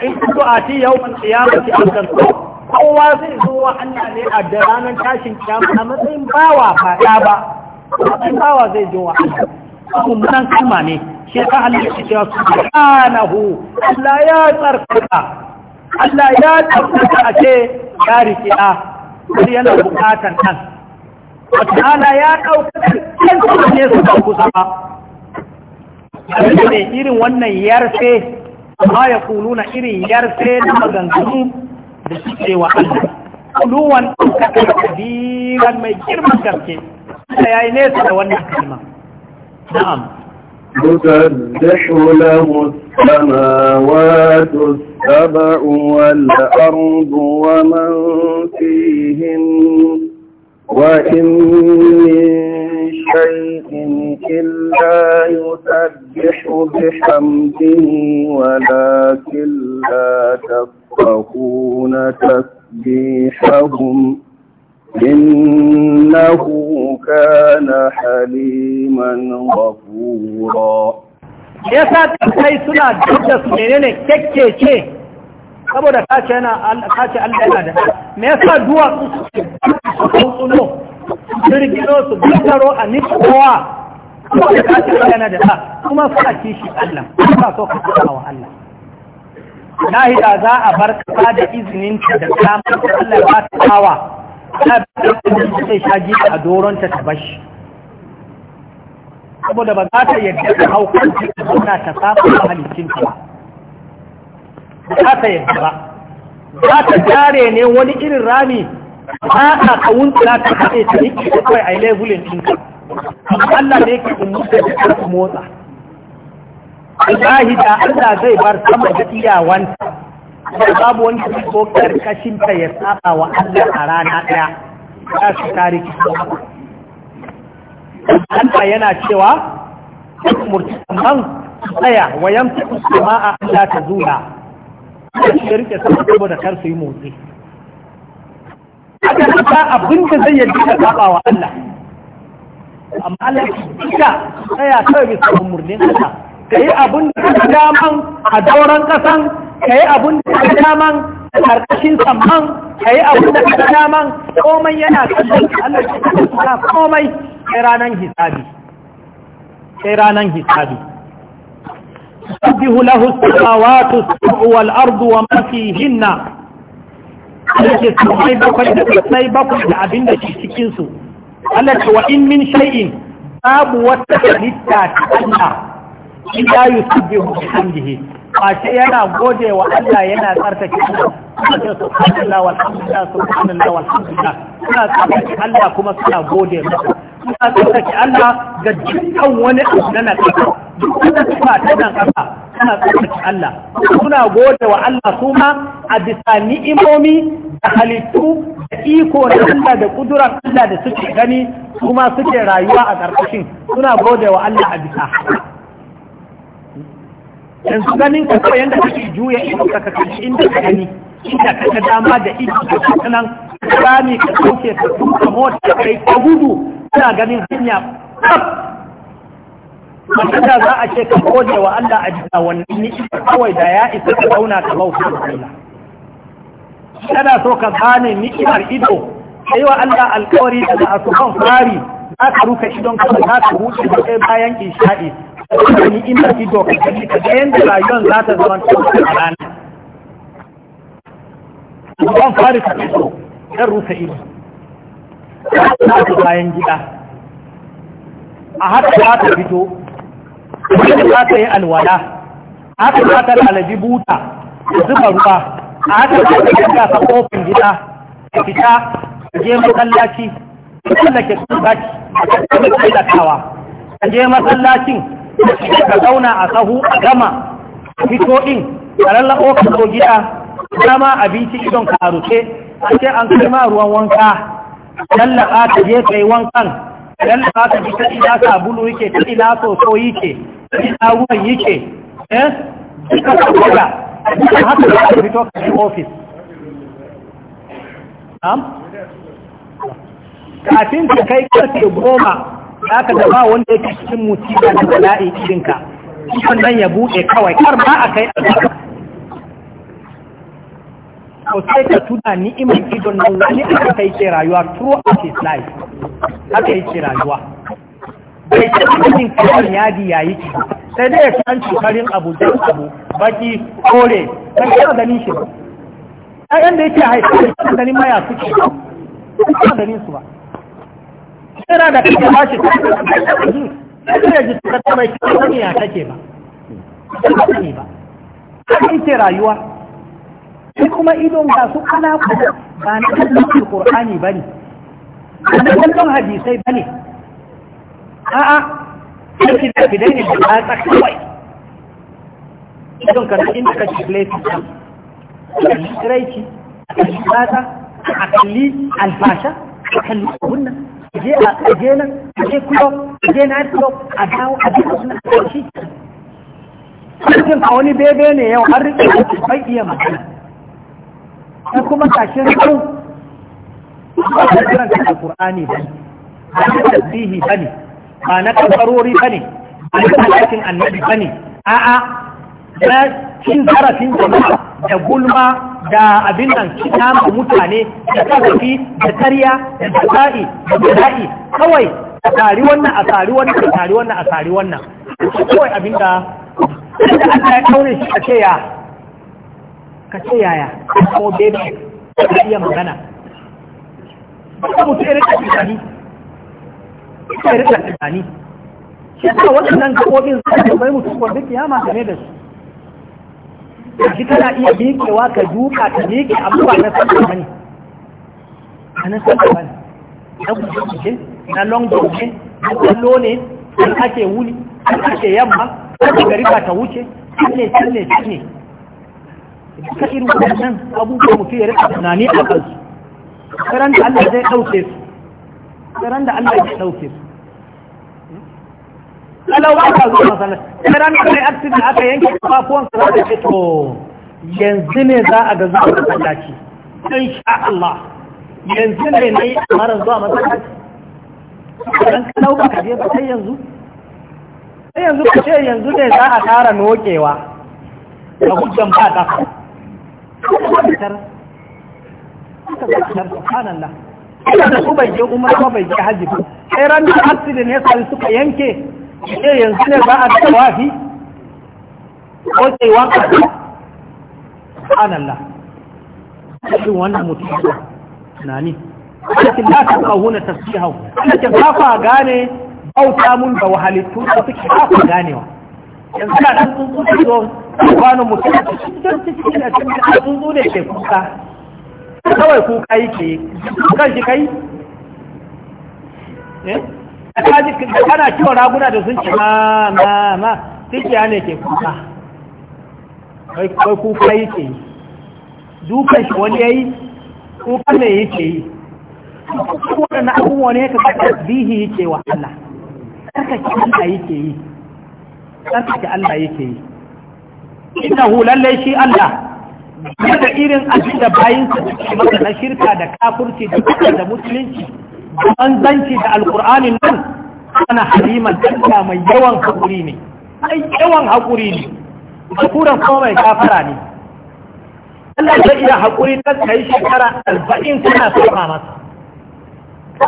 in ku a ce yau man tsiyamati an kowa zai zo wa Allah ne a da ranar tashin kiyama a matsayin bawa ba ɗa ba matsayin bawa zai zo wa Allah mummunan kalma ne shi ta Allah ya ce subhanahu Allah ya tsarkaka Allah ya tabbata a ce ya rike a har yana buƙatan kan. wata ya ɗaukar ɗan su ne su ɗauku kusa ba abin ne irin wannan yarfe amma ya na irin yarfe na maganganu da ce wa Allah kuluwan ɗaukakar kabiran mai girman gaske Allah ya yi nesa da wannan kalma na'am تسبح له السماوات السبع والأرض ومن فيهن وإن من شيء إلا يسبح بحمده ولكن لا تفقهون تسبيحهم إنه كان حليما غفورا sa kai suna da su menene kekkece saboda kace yana kace Allah yana da me yasa duwa su tsuno jirgino su bukaro a nikowa saboda kace Allah yana da kuma su fa kishi Allah ba so ka wa Allah Na da za a bar kasa da izinin ta da kamar Allah ba ta tsawa ta zai sha jiya a doron ta bashi saboda ba za ta yadda ta hau kanci ta zauna ta samu a halittinta ba ba za ta yadda ba za ta jare ne wani irin rami ba a kawun tsira ta haɗe ta yake da kawai a yi lebulin ɗinka amma Allah ne ke umu da ta motsa Allahi da Allah zai bar sama da iyawanta babu wani ya ko karkashin ta ya saba wa Allah a rana ɗaya ya su tare ki Allah yana cewa murci amman tsaya wa yamta sama'a Allah ta zuna ya rike sama saboda kar su yi motsi haka da, ta abin da zai yadda ka saba wa Allah amma Allah ya tsaya kawai bisa murnin Allah ka yi abin da ka daman a dauran kasan, ka yi abin da ka daman a ƙarƙashin saman, ka yi abin da ka daman komai yana kallon Allah ya kalla komai sai ranar hisabi sai ranar hisabi sabbihu lahu as-samawati as-sab'u wal ardu wa ma fihinna yake sai bakwai da sai bakwai da abin da ke cikin su Allah ta wa in min shay'in babu wata halitta ta Allah yi ila yusabbihu bihamdihi face yana gode wa Allah yana Su Allah subhanallah walhamdulillah subhanallah walhamdulillah suna tsarkake Allah kuma suna gode masa suna tsarkake Allah ga dukkan wani abu na nakasa duk wanda suna ta nakasa suna tsarkake Allah suna gode wa Allah su ma a bisa ni'imomi da halittu da iko da Allah da kudurar Allah da suke gani kuma suke rayuwa a ƙarƙashin suna gode wa Allah a bisa yanzu ganin ka kawai yanda kake juya ido ka kashi inda ka gani inda ka ka dama da ido ka kashi nan rami ka sauke ka tuka mota kai ka gudu kana ganin hanya kaf Masada za a ce ka gode wa Allah a jika wannan ita kawai da ya isa ka zauna ka bauta da Kana so ka gane ni'imar ido, yi wa Allah alkawari da za a fari za ka rufe idon ka za ka huce da kai bayan isha'i wani ina fi doka ka ga yadda rayuwar za ta zama cikin rana ban fara ta dan rufe ido ta bayan gida a haka za ta fito wanda za ta yi alwala haka za ta lalabi buta zuba ruwa a haka za ta yanka ta kofin gida ta fita ta je masallaci ta tsallake tsallaki ta tallatawa. ta je masallacin ka zauna a sahu a gama fito ɗin a lallaɓo ka zo gida dama abinci idon ka aruce a ce an kai ma ruwan wanka lallaɓa ta je ka yi wankan lallaɓa ta ji ta ina sabulu yake ta ina soso yake ta ina ruwan yake eh duka ka gwada duka haka ka fito ka yi ofis kafin ka kai karfe goma za ka ba wanda yake cikin musiba da bala'i irin ka cikin nan ya buɗe kawai har ba a kai ko sai ka tuna ni'imar idon nan wani aka kai ke rayuwa through of his life aka yi ke rayuwa bai ta cikin kawai yadi yayi ki sai dai ya san an cukarin abu da abu baki kore kan kana ganin shi ba ɗayan da yake haifar da ganin maya suke ba ganin su ba kira da kake ba shi kira ji ta ta mai kira sani ya take ba sani ba haka ita rayuwa shi kuma idon ga su ana kuma ba na kallon alqur'ani bane ba na kallon hadisai ba ne. a'a kake da kidai ne da ta kawai idon ka inda kake place ka shi tsiraici a kalli albasha, a kalli abun je a je nan a je club a je night club a dawo a duka suna a shi cikin a wani bebe ne yau an rike shi bai iya magana ta kuma kashin rikon ba ta kiran ta alkur'ani ba a ta tasbihi ba ne ba na kafarori ba ne ba na talatin annabi ba ne a'a na cin zarafin jama'a da gulma da abin nan ma mutane da kasafi da karya da jaza'i da jaza'i kawai a tsari wannan a tsari wannan a tsari wannan a tsari wannan kawai abin da da Allah ya kaure shi ka ce ya ka ce yaya ko bebe ka iya magana ba mutu irin da tunani ita irin da tunani shi ta waɗannan gaɓoɓin zai da mai mutum wanda kiyama game da su a shi kana iya miƙewa ka duka ka miƙe amma ba na sallah ba ne a na sallah ba ne na guje-guje na long guje na kallo ne an ake wuli an ake yamma ake gari ba ta wuce ne tsalle ne. duka irin waɗannan abubuwa mutu ya rika tunani a kansu karan da Allah zai ɗauke su karan da Allah zai ɗauke su kalau ba ka zuwa masallaci sai ran kai accident aka yanke kafafuwan sa, za ce to yanzu ne za a ga zuwa masallaci insha Allah yanzu ne nayi amaran zuwa masallaci dan kalau ba ka je ba sai yanzu sai yanzu ka ce yanzu ne za a tara nokewa da hujjan ba kafa suka zartar subhanallah ina da su bai je umar ba bai je hajji ba sai ran da accident ya sami suka yanke ce yanzu ne za a ta wafi ko ce wanka subhanallah irin wannan mutum na ni lakin la ta kahuna tasbihahu ke ba fa gane bauta mun da wahalittu da suke ba fa ganewa yanzu da ɗan tsuntsu zo kwanan mutum da cikin da cikin da tsuntsu ne ke kuka kawai kuka yake kan shi kai eh ana kiwon raguna da sun ce ma ma ma tikiya ne ke kuka Kai kuka yi ke yi dukan shi wani ya yi kuka ne yi ke yi waɗanda abubuwa ne ka kaka bihi yi ke wa Allah tsarkake Allah yi ke yi tsarkake Allah yi ke yi ina hulalle shi Allah da irin abin da bayinsa suke masa na shirka da kafurci da kuka da musulunci manzanci da alkur'anin nan ana halimar danta mai yawan haƙuri ne mai yawan haƙuri ne bakuran kuma mai kafara ne Allah zai iya haƙuri ta kai shekara arba'in suna saba masa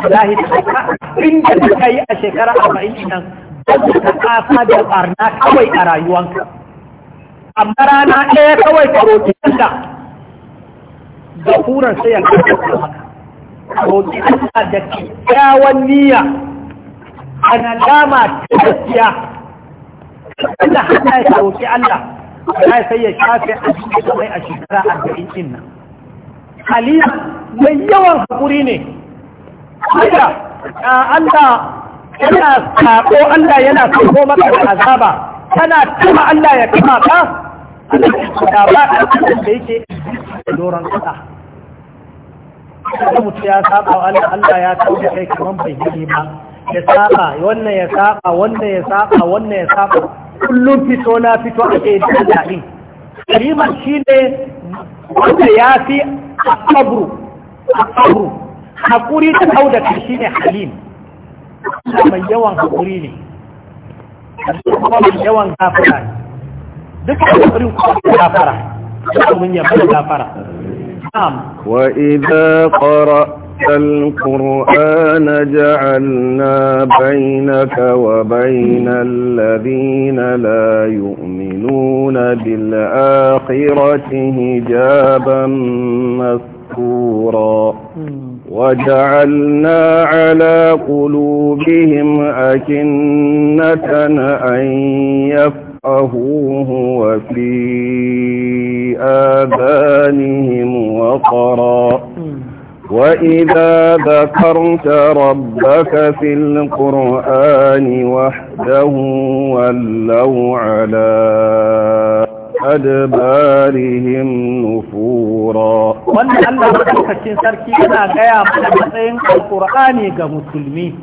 Allahi ta inda ta kai a shekara arba'in nan don ta kafa da ɓarna kawai a rayuwanka amma rana ɗaya kawai ka roƙi da bakuran sai ya kafa maka roƙi Allah da kyakkyawan niyya an alama ta gaskiya Allah hana ya roƙi Allah ya sai ya shafe a cikin mai a shekara arba'in ɗin nan Aliyu mai yawan haƙuri ne Haka Allah Allah yana saƙo Allah yana saƙo maka da azaba kana tuma Allah ya kama ka Allah ya ba da yake da doron kasa. da mutu ya saba wa Allah Allah ya tauka kai kaman bai yi ba ya saba wannan ya saba wannan ya saba wannan ya saba kullum fito na fito ake yi da daɗi kalimar shi ne wanda ya fi asabru asabru hakuri da kau da shi ne halim mai yawan hakuri ne kuma mai yawan gafara ne duk hakurin kuma gafara domin ya bada gafara نعم وإذا قرأت القرآن جعلنا بينك وبين الذين لا يؤمنون بالآخرة هجابا مستورا وجعلنا على قلوبهم أكنة أن يفعلوا أخوه وفي آبانهم وقرا وإذا ذكرت ربك في القرآن وحده ولوا على أدبارهم نفورا وأن الله رحمه الشنسركي أنا أقيا مستيين القرآن كمسلمين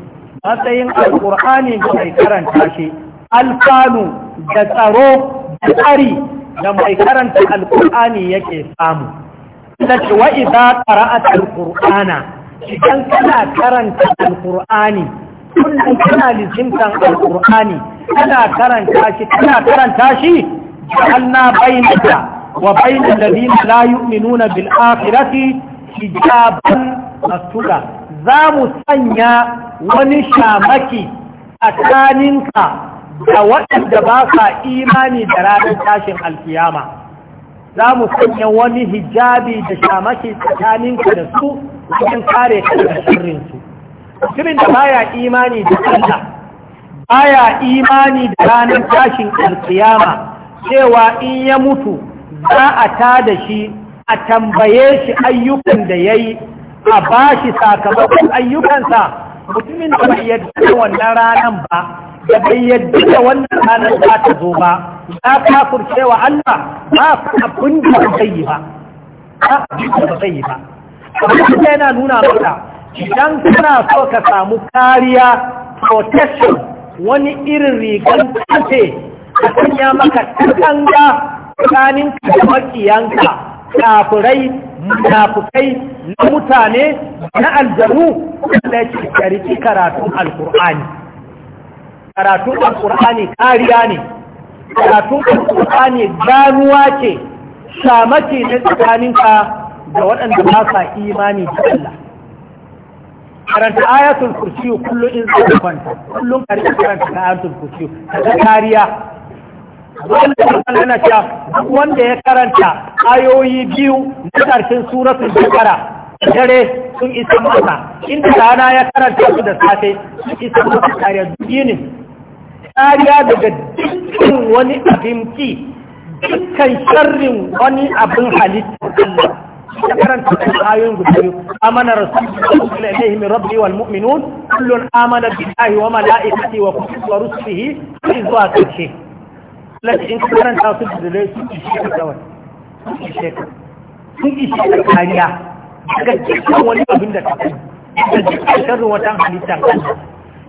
مستيين القرآن كمسلمين الفانو da tsaro da tsari da mai karanta alkur'ani yake samu da ce wa idza qara'at alqur'ana idan kana karanta alkur'ani kullum kana lizimtan alkur'ani kana karanta shi kana karanta shi ja'alna bainaka wa bainal ladina la yu'minuna bil akhirati hijaban za mu sanya wani shamaki tsakaninka da waɗanda ba sa imani da ranar tashin alkiyama za mu sanya wani hijabi da shamaki tsakaninka da su cikin kare ka daga sharrinsu mutumin da baya imani da Allah baya imani da ranar tashin alkiyama cewa in ya mutu za a ta da shi a tambaye shi ayyukan da ya yi a ba shi sakamakon ayyukansa mutumin da bai yadda wannan ranar ba da bai da wannan ranar za ta zo ba ya kafurce wa Allah ba abin da ba zai yi ba ba abin da ba zai yi ba abin da yana nuna maka idan kana so ka samu kariya protection wani irin rigar kace a sanya maka katanga tsakanin ka da makiyanka kafirai munafukai na mutane na aljanu da ke karatun alkur'ani karatun alkur'ani kariya ne karatun alkur'ani ganuwa ce na tsakanin tsakaninka da waɗanda ba sa imani da Allah karanta ayatul kursi kullum in zai kwanta kullum karanta karanta ayatul kursi ta kariya wanda cewa wanda ya karanta ayoyi biyu na karshen suratul bakara dare sun isa masa inda rana ya karanta su da safe sun isa masa kariya duk yinin kariya daga dukkan wani abin ki dukkan sharrin wani abin halitta karanta ayoyin guda biyu amana rasulullahi rabbi wal mu'minun amana billahi wa wa wa rusulihi sai zuwa kace in karanta su da dai su sun ishe da ka dukkan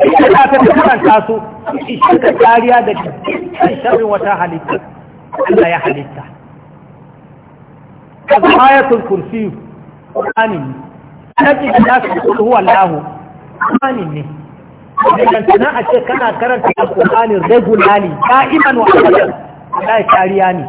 idan za ka karanta su shi ka kariya da kan sharrin wata halitta Allah ya halitta ka ayatul kursi qur'ani ne annabi da za ka kudu huwa Allah qur'ani ne idan tana a ce kana karanta qur'ani regularly da'iman wa abadan Allah kariya ne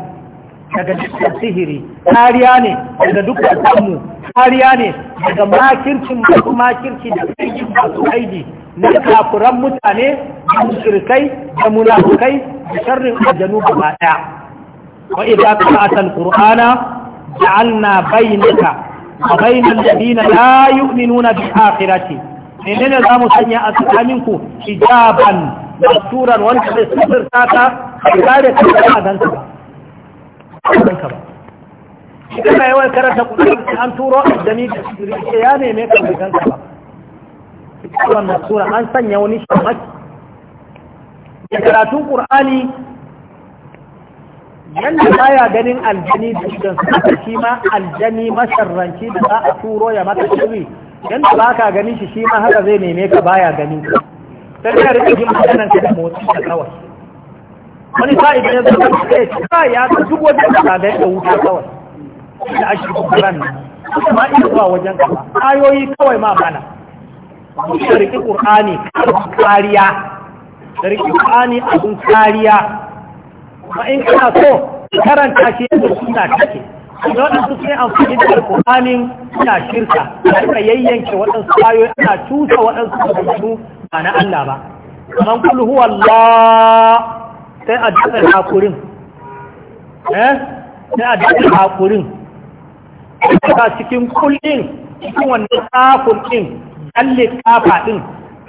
daga dukkan sihiri kariya ne daga dukkan samu kariya ne daga makircin masu makirci da aiki masu aiki na kafuran mutane da mushrikai da munafukai da sharrin aljanu gaba daya wa idza qara'ta alqur'ana ja'alna bainaka wa bainal ladina la yu'minuna bil akhirati menene zamu sanya a tsakaninku hijaban masuran wanda zai sirrata ta kare ka daga ganta ba idan na yawan karanta kudin an turo da ni da ya ne mai kan ganka ba wannan sura an sanya wani shamaki da karatun ƙur'ani yadda ya ganin aljani da idan suka shi ma aljani masharranci da za a turo ya mata shiri yadda ba ka gani shi shi ma haka zai neme ka baya gani ka sai ka rikin jin maganan ka da motsi da kawai wani sa'i da yanzu ka ce ba ya ta duk wani ka ga da wuta kawai da ake kokarin nan kuma ina zuwa wajen kawai ayoyi kawai ma mana mutum riƙi ƙur'ani kariya da riƙi ƙur'ani abin kariya ma in kana so karanta shi yadda suna take da waɗansu sun amfani da alƙur'anin suna shirka da suka yayyanke waɗansu ayoyi ana cuta waɗansu maganganu ba na Allah ba Man kullu huwa Allah sai a daɗa hakurin eh sai a daɗa hakurin ka cikin kullin cikin wannan tsafin ɗin tsalle kafa ɗin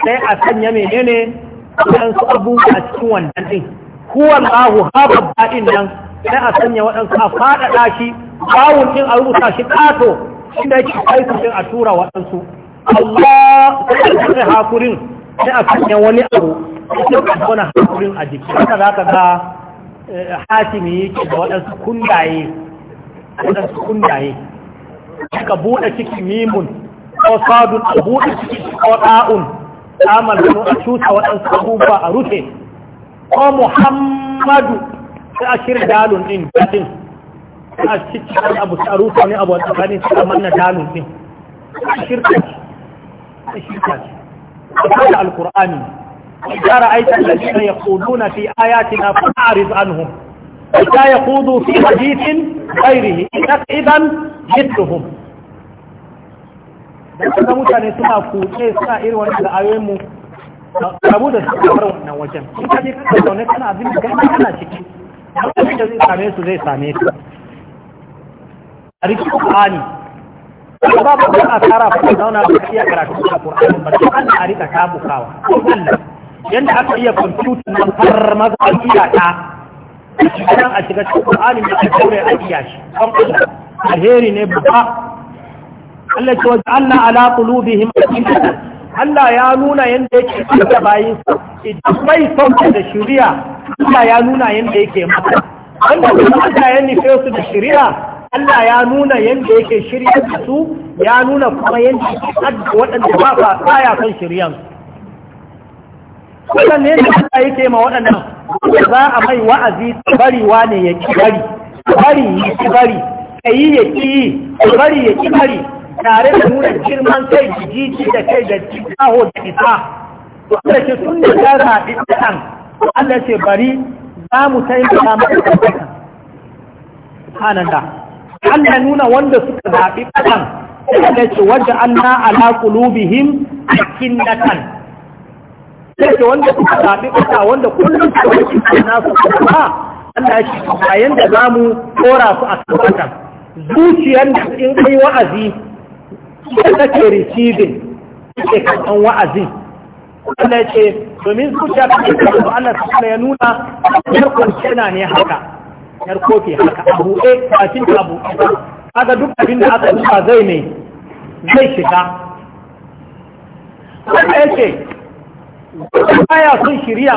sai a sanya menene waɗansu abubuwa a cikin wannan ɗin huwan lahu haɓar baɗin nan sai a sanya waɗansu a faɗaɗa shi bawun ɗin a rubuta shi ƙato shi da yake aiki ɗin a tura waɗansu Allah sai a sanya hakurin sai a sanya wani abu sai a wani hakurin a jiki haka za ka ga eh, hatimi yake da waɗansu kundaye waɗansu kundaye suka buɗe cikin mimun ko sadun a buɗe ko ɗa'un amal hannu a cuta waɗansu abubuwa a rufe ko muhammadu sai a shirya dalun ɗin daɗin a cikin abu a rufe wani abu a tsakanin sai a manna dalun ɗin a shirka ce a shirka ce a kada alkur'ani إذا رأيت الذين يقولون في آياتنا فأعرض عنهم حتى يخوضوا في حديث غيره إذا مثلهم da mutane suna kuce suna iri wani da ayoyin mu rabu da suka fara wannan wajen in ka je ka zaune kana abin da gani kana ciki abin da zai same su zai same su a rikin ƙani ba ba ba a kara fa zauna ba iya karatu da Qur'ani ba sai Allah a rika ta bukawa yadda aka iya computer nan har maza an iya ta a shiga cikin Qur'ani da aka kore a iya shi don Allah alheri ne ba Allah ce wajen ala qulubihim Allah ya nuna yadda yake da bayin sa idan bai son da shari'a Allah ya nuna yadda yake mata wanda kuma Allah ya nufe su da shari'a Allah ya nuna yadda yake shirya da su ya nuna kuma yadda yake kadda waɗanda ba ba tsaya kan shari'an wannan ne da Allah yake ma waɗannan za a mai wa'azi bariwa ne ya ki bari bari ya ki bari kayi ya ki bari ya ki bari tare da nuna girman kai da jiji da kai da jikaho da isa wanda ke sun da gara haɗi ɗan Allah ce bari za mu taimaka maka da ɗan subhanan da Allah nuna wanda suka zaɓi ɗan Allah ce wajen Allah ala qulubihim kan. sai wanda suka zaɓi ɗan wanda kullum su wani cikin nasu ba Allah shi bayan da za mu kora su a kan zuciyar da in kai wa'azi da kake receiving kake karɓan wa'azin Allah ya ce domin zuciya ta ke karɓar Allah ta ya nuna yar kwanciyana ne haka yar kofi haka a buɗe kafin ta buɗe kaga duk abin da aka zuba zai ne zai shiga Allah ya ce baya sun shirya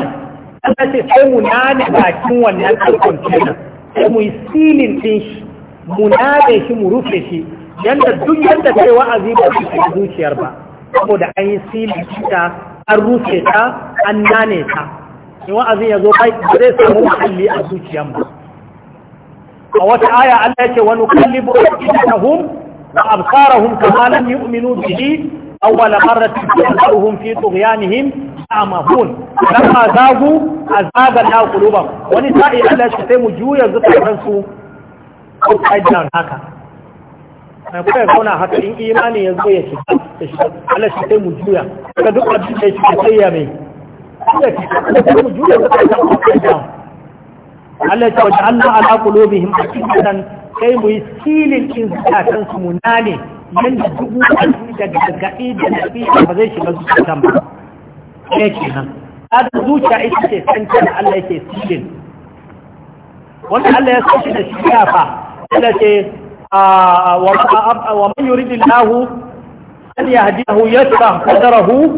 Allah ce sai mu nane bakin wannan alkon kenan sai mu yi silin din shi mu nane shi mu rufe shi yanda duk yanda yi wa'azi ba su fi zuciyar ba saboda an yi sili ta an rufe ta an nane ta in wa'azi ya zo kai ba zai samu muhalli a zuciyar ba a wata aya Allah yake wani kallibu ayyukahum wa absarahum kama lam yu'minu bihi awwala marratin ta'aruhum a tughyanihim amahun lamma zagu azaga na qulubam wani sa'i Allah ce sai mu juya zukatan su upside down haka na kuka zauna haka in imani ya zo ya shiga ya Allah shi sai mu juya ka duk abin da shi sai ya mai sai mu juya ka ta Allah ya ce wa ja'alna ala qulubihim akidan sai mu yi silin in kan su mu nan da duk wani da gargaɗi da nabi ba zai shiga ta ba ne nan? kada zuciya ita ce tantan Allah yake silin wanda Allah ya sashi da shi ya fa Allah ce ومن يريد الله أن يهديه يشرح صدره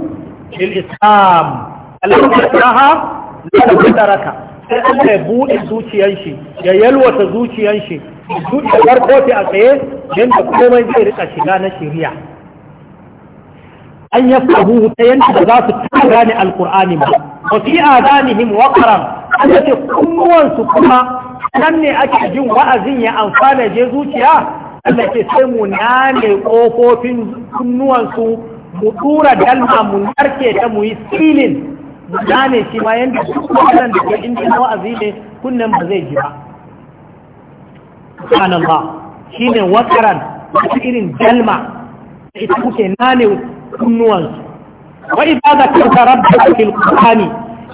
للإسلام الذي يشرح له صدرك sai ya buɗe zuciyar shi ya yalwata zuciyar shi zuciyar kofi a tsaye yadda komai zai rika shiga na shiriya an ya sahu ta yadda za su ta gane alkur'ani ba wa fi adanihim waqaran an yace kunnuwansu kuma nan ne ake jin wa'azin ya amfana je zuciya Allah ke sai mu nane kofofin kunnuwansu mu tura dalma mu narke ta mu yi silin mu nane shi ma yanda duk wannan da ke inda wa'azi ne kunnen ba zai ji ba subhanallah shine wakaran wata irin dalma da ita kuke nane kunnuwansu wa idza zakarta rabbaka fil qur'ani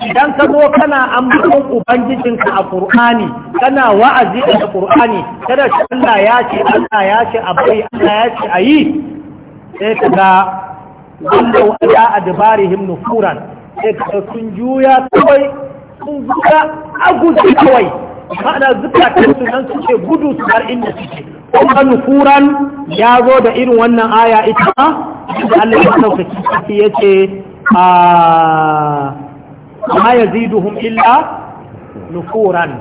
idan ka zo kana ambaton ubangijinka a qur'ani kana wa'azi a qur'ani kada shi Allah ya ce Allah ya ce abai Allah ya ce ayi sai ka ga a dabari adbarihim nufuran sai ka sun juya kawai sun zuka aguji kawai ma'ana zukatan su nan suke gudu su har inda suke kuma nufuran ya zo da irin wannan aya ita ma da Allah ya sauka kiki ce a ah, ma yaziduhum illa nufuran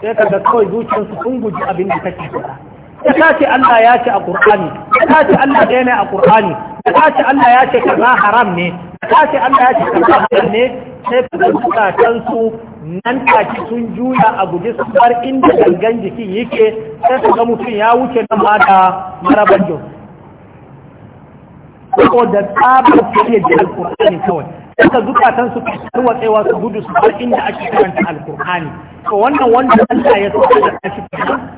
sai ka ga kawai zuciyarsu sun guji abin da kake faɗa ya ta ce Allah ya ce a Qur'ani Ya ta ce Allah ɗaya ne a Qur'ani ya ta ce Allah ya ce kaza haram ne Ya ta ce Allah ya ce kaza haram ne sai ka ga zukatan su nan take sun juya a guje su bar inda gangan jikin yake sai ka ga mutum ya wuce nan ma da marabar jos da tsabar su ne da alƙur'ani kawai daga zukatan su tarwatsewa su gudu su har inda ake karanta alkur'ani to wannan wanda Allah ya saka da shi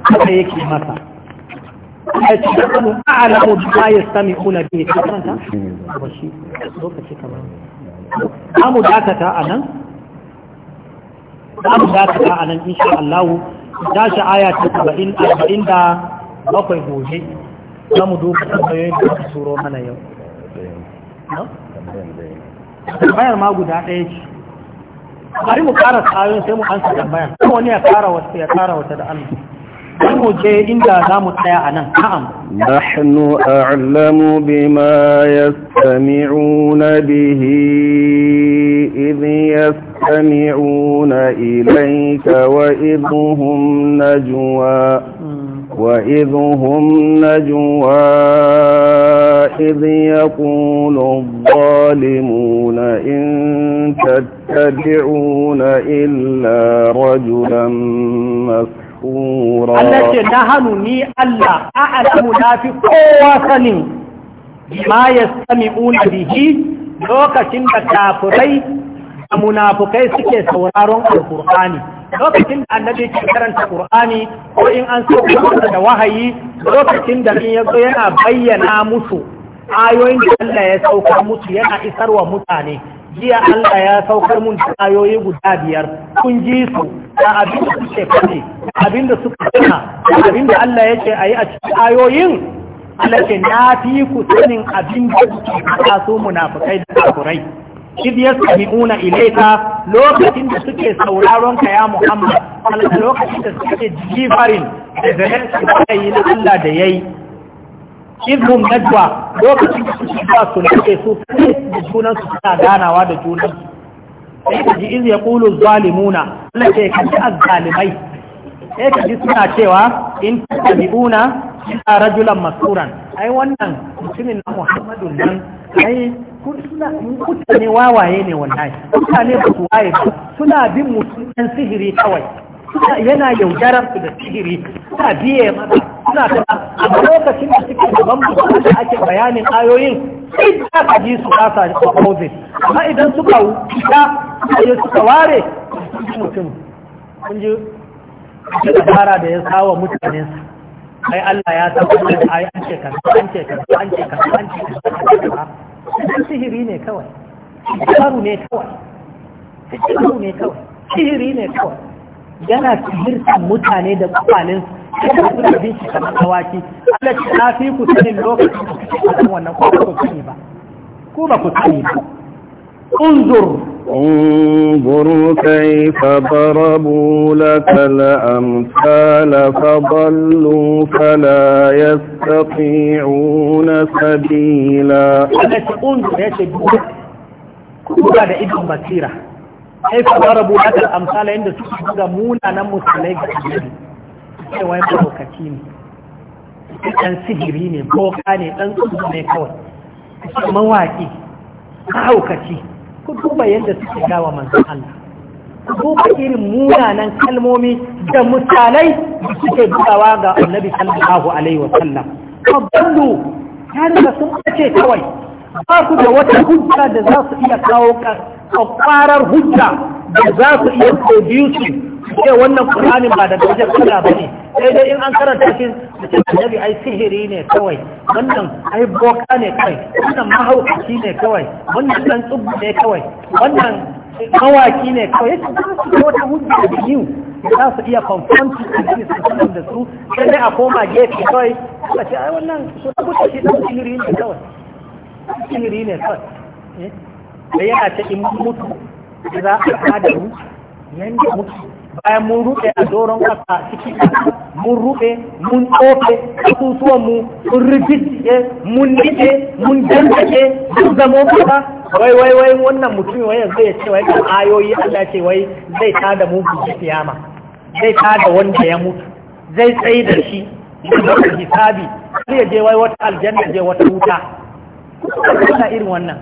haka yake masa ya ce mu kuma a'lamu sami yastami'una bihi ta karanta ba shi lokaci kamar za mu dakata a nan za mu dakata a nan insha Allah ta shi aya ta 40 da bakwai gobe za mu duba tambayoyin da aka turo mana yau eh. tambayar ma guda ɗaya ce bari mu ƙara tsayoyin sai mu ansa tambayar Kuma wani ya ƙara wata ya ƙara wata da Allah dan mu je inda za mu tsaya a nan na'am nahnu a'lamu bima yastami'una bihi idh yastami'una ilayka wa idhum najwa وإذ هم نجوى إذ يقول الظالمون إن تتبعون إلا رجلا مسحورا الله نحن ني الله أعلم لا في قوة سنين بما يستمعون به لوكا لوكشن كافرين منافقين سكي سورارون القرآن lokacin da annabi ke karanta qur'ani ko in an so kuma da wahayi lokacin da in yazo yana bayyana musu ayoyin da Allah ya sauka musu yana isarwa mutane jiya Allah ya saukar mun da ayoyi guda biyar kun ji su da abin da suke faɗi abin da suka tana abin da Allah ya ce a yi a cikin ayoyin Allah ke na fi ku sanin abin da suke fada su munafikai da kafirai shid ya sami'una ilaika lokacin da suke sauraronka ya muhammad alaka lokacin da suke jifarin da zane su yi na allah da ya yi shidun najwa lokacin da suke ba su na suke suke da junansu suna ganawa da junansu sai ka ji izu ya zalimuna wanda ke kaji a zalimai sai ka ji suna cewa in sami'una shi a rajulan masuran ai wannan mutumin na muhammadun nan ai mutane wawaye ne wallahi mutane ba su ba suna bin mutum ɗan sihiri kawai yana yaudarar su da sihiri suna biye mata suna tana a lokacin da suke gaban mutum da ake bayanin ayoyin sai za ka ji su kasa opposite amma idan suka wuta sai suka ware mutum kun ji da dabara da ya sawa mutanensa ai Allah ya tabbatar da ai an ce ka an ce ka an ce ka an ce ka sihiri ne kawai sihiru ne kawai sihiru ne kawai sihiri ne kawai yana sihirtan mutane da kwalin kuma suna bin shi kamar awaki Allah ce na fi ku sanin lokacin da kuke a wannan kuma ba ku sani ba ku ba ku sani ba unzur انظروا كيف ضربوا لك الأمثال فضلوا فلا يستطيعون سبيلا kuka da idon basira sai ka fara buɗa amsala inda suka buga munanan musulai ga annabi Sai ya mahaukaci ne ɗan sihiri ne boka ne ɗan tsubu ne kawai mawaƙi haukaci. ku duba yadda suke gawa manzon Allah duba irin munanan kalmomi da misalai da suke bugawa ga annabi sallallahu alaihi wa sallam abdullu ya riga sun ce kawai ba su da wata hujja da za su iya kawo kwakwarar hujja da za su iya producing ce eh, wannan Qur'anin ba da darajar ba bane sai dai in an karanta shi da annabi ai sihiri ne kawai wannan ai boka ne kawai wannan mahaukaci ne kawai wannan dan tsubbu ne kawai wannan mawaki ne kawai Yake da su ta hujji da yiwu za su iya konfronti da su da su sai dai a koma gefe kawai kuma ce ai wannan su ta tabbata shi dan sihiri ne kawai sihiri ne kawai eh da yana ta in mutu za a kada mu yanke mutu bayan mun ruɗe a doron ƙasa ciki mun ruɗe mun tsofe kasusuwan mu mun rigice mun nike mun dandace mun zamo kaza wai wai wai wannan mutum wai yanzu ya ce wai kan ayoyi Allah ce wai zai tada mu ku kiyama zai tada wanda ya mutu zai tsayi da shi da hisabi zai je wai wata aljanna je wata wuta kuma irin wannan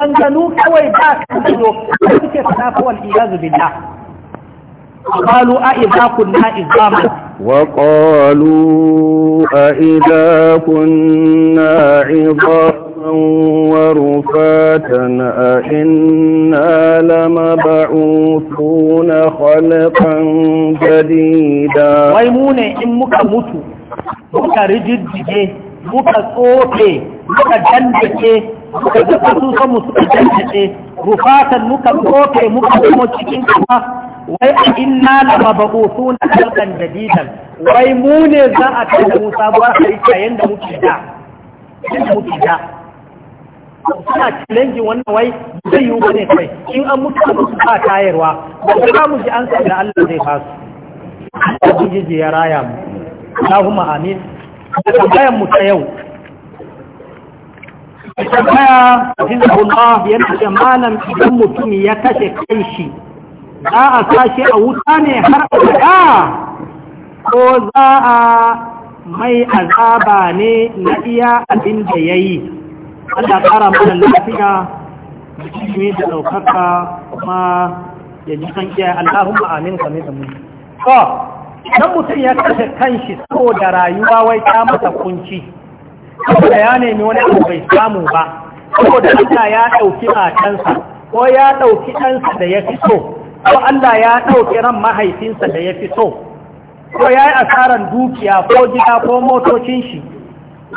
an gano kawai ba ka zo suke fada fa wal iyazu billah وقالوا أئذا كنا عظاما وقالوا أئذا كنا عظاما ورفاتا أئنا لمبعوثون خلقا جديدا ويمونة إن مكمتوا مكرجد جديد muka tsofe muka dandake muka ga kasusanmu suka dandake rufatan muka tsofe muka zama cikin kama wai a inna la mabu'uthun khalqan jadidan wai mu ne za a tada mu sabuwar halitta yanda muke da yanda muke da suna challenge wannan wai zai yi wani kai in an mutu da su ba tayarwa ba su ba mu ji an da Allah zai ba su ubangiji ya raya mu Allahumma amin da tambayar mu ta yau tambaya hafizahullah yana ce malam idan mutum ya kashe kai shi za a sashi a wuta ne har abada ko za a mai azaba ne na iya abin da ya yi Allah ƙara mana lafiya da ilimi da ɗaukaka kuma ya ji kan kiyaye. Allahumma amin kame da mu. To, idan mutum ya kashe kanshi saboda rayuwa wai ta masa kunci, saboda ya nemi wani abu bai samu ba, saboda Allah ya ɗauki matansa ko ya ɗauki ɗansa da ya fi so ko Allah ya ɗauki ran mahaifinsa da ya fi so ko ya yi asaran dukiya ko gida ko motocin shi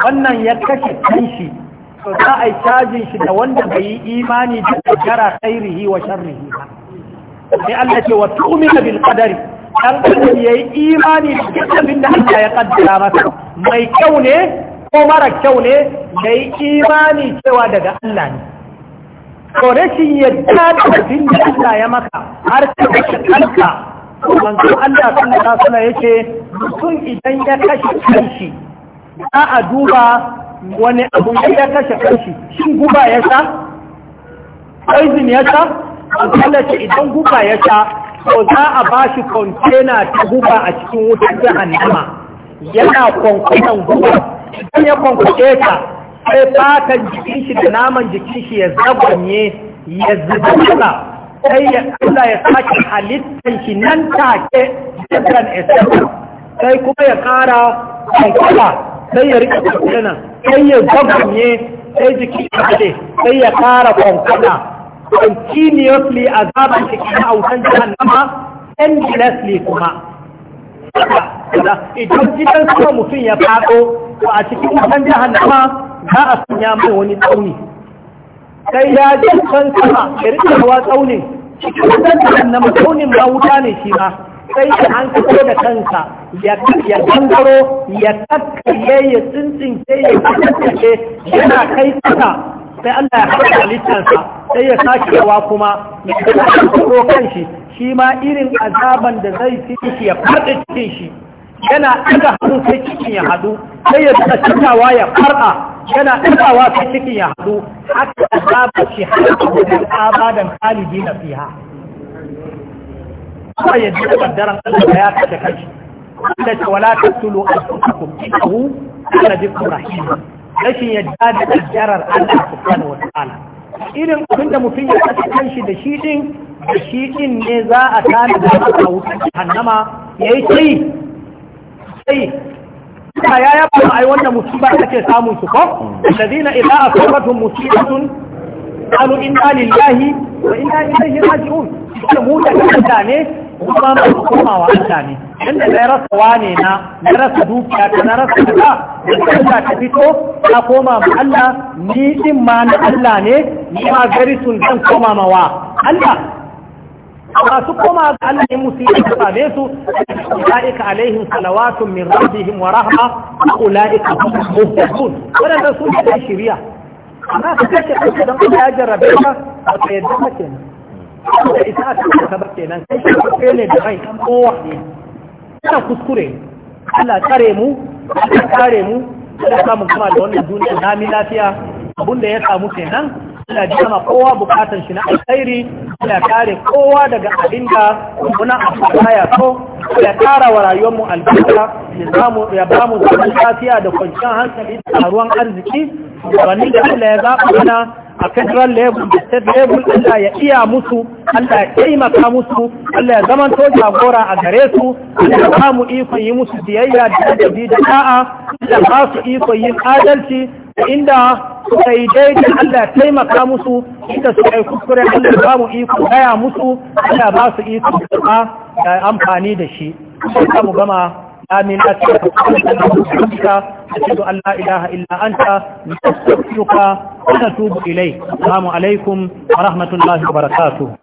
wannan ya kashe kanshi to za a yi cajin shi da wanda bai yi imani da kaddara khairihi wa sharrihi ba sai Allah ce wa bin bil qadari dan ya yayi imani da duk abin da Allah ya kaddara masa mai kyau ne ko mara kyau ne yayi imani cewa daga Allah ne ko rashin yadda da abin da Allah ya maka har ta kashe kanka manzo Allah suna ya ce mutum idan ya kashe kanshi za a duba wani abu ya kashe kanshi shin guba ya sha poison ya sha Allah ce idan guba ya sha to za a ba shi kontena ta guba a cikin wutar jahannama yana kwankwanan guba idan ya kwankwace ta sai fatan jikin shi da naman jikin shi ya zagonye ya zubata sai ya Allah ya sake halittan shi nan take jikin esau sai kuma ya kara kankala sai ya rika kankana sai ya zagonye sai jikin shi sai ya kara kankana continuously azaban autan hautan nama endlessly kuma idan jikin sama mutum ya fado to a cikin jihar nama. za a sanya mai wani tsauni sai ya ji can sama ya rike hawa tsaunin cikin na tsaunin ma wuta ne shi ma sai ya an fito da kansa ya gangaro ya kakkaye ya tsintsinke ya kakkace yana kai tsaka sai Allah ya haɗa halittarsa sai ya sake yawa kuma ya kakkace kan shi shi ma irin azaban da zai fi shi ya faɗi cikin shi yana ɗaga hannu sai cikin ya haɗu sai ya taɓa cikawa ya farɗa yana ɗagawa ta cikin ya haɗu haka azaba shi har abubuwan abadan kalibi na fiha kuma ya ji kaddaran Allah ya kashe kashi wanda ce wala tattulu al-fukakum innahu kana bikum rahim rashin yadda da kaddarar Allah subhanahu wa ta'ala irin abin da mutum ya kashe kanshi da shi din da shi din ne za a tana da masa wutar jahannama yayi sai sai Allah ya yaba ai wannan musiba take samun su ko alladina idza asabatuhum musibatun qalu inna lillahi wa inna ilaihi raji'un kuma mu da kanta ne kuma mu komawa Allah ne inda da rasa wane na na rasa dukiya ta na rasa kaza da ta ta fito ta koma ma Allah ni din ma na Allah ne ni ma garisun zan koma ma wa Allah masu koma ga Allah in yi ta same su ulaika alaihim salawatun min rabbihim wa rahma ulaika hum muhtadun wadanda su ne da shiriya amma ka kace su dan Allah ya jarrabe ka wata yadda kake nan kuma isa ta ka ba kenan sai ka ne da kai kan kowa ne kana kuskure Allah tsare mu Allah tsare mu Allah samun kuma da wannan duniya na mi lafiya abinda ya samu kenan Allah ji kama kowa bukatar shi na alkhairi ya kare kowa daga abinda da muna amfana ya so ya kara wa rayuwar mu albarka ya ya ba mu zaman da kwanciyar hankali da ruwan arziki Wannan da Allah ya zaɓa mana a federal level da state level Allah ya iya musu Allah ya taimaka musu Allah ya zaman to jagora a gare su Allah ya ba mu iko yi musu biyayya da adabi da da'a Allah ba su iko yin adalci inda suka yi daidai Allah taimaka musu inda suka yi kuskure Allah ba mu iko gaya musu Allah ba su iko da amfani da shi sai mu gama amin a cikin da cikin Allah ilaha illa anta nastaghfiruka wa natubu ilayk assalamu alaikum wa rahmatullahi wa barakatuh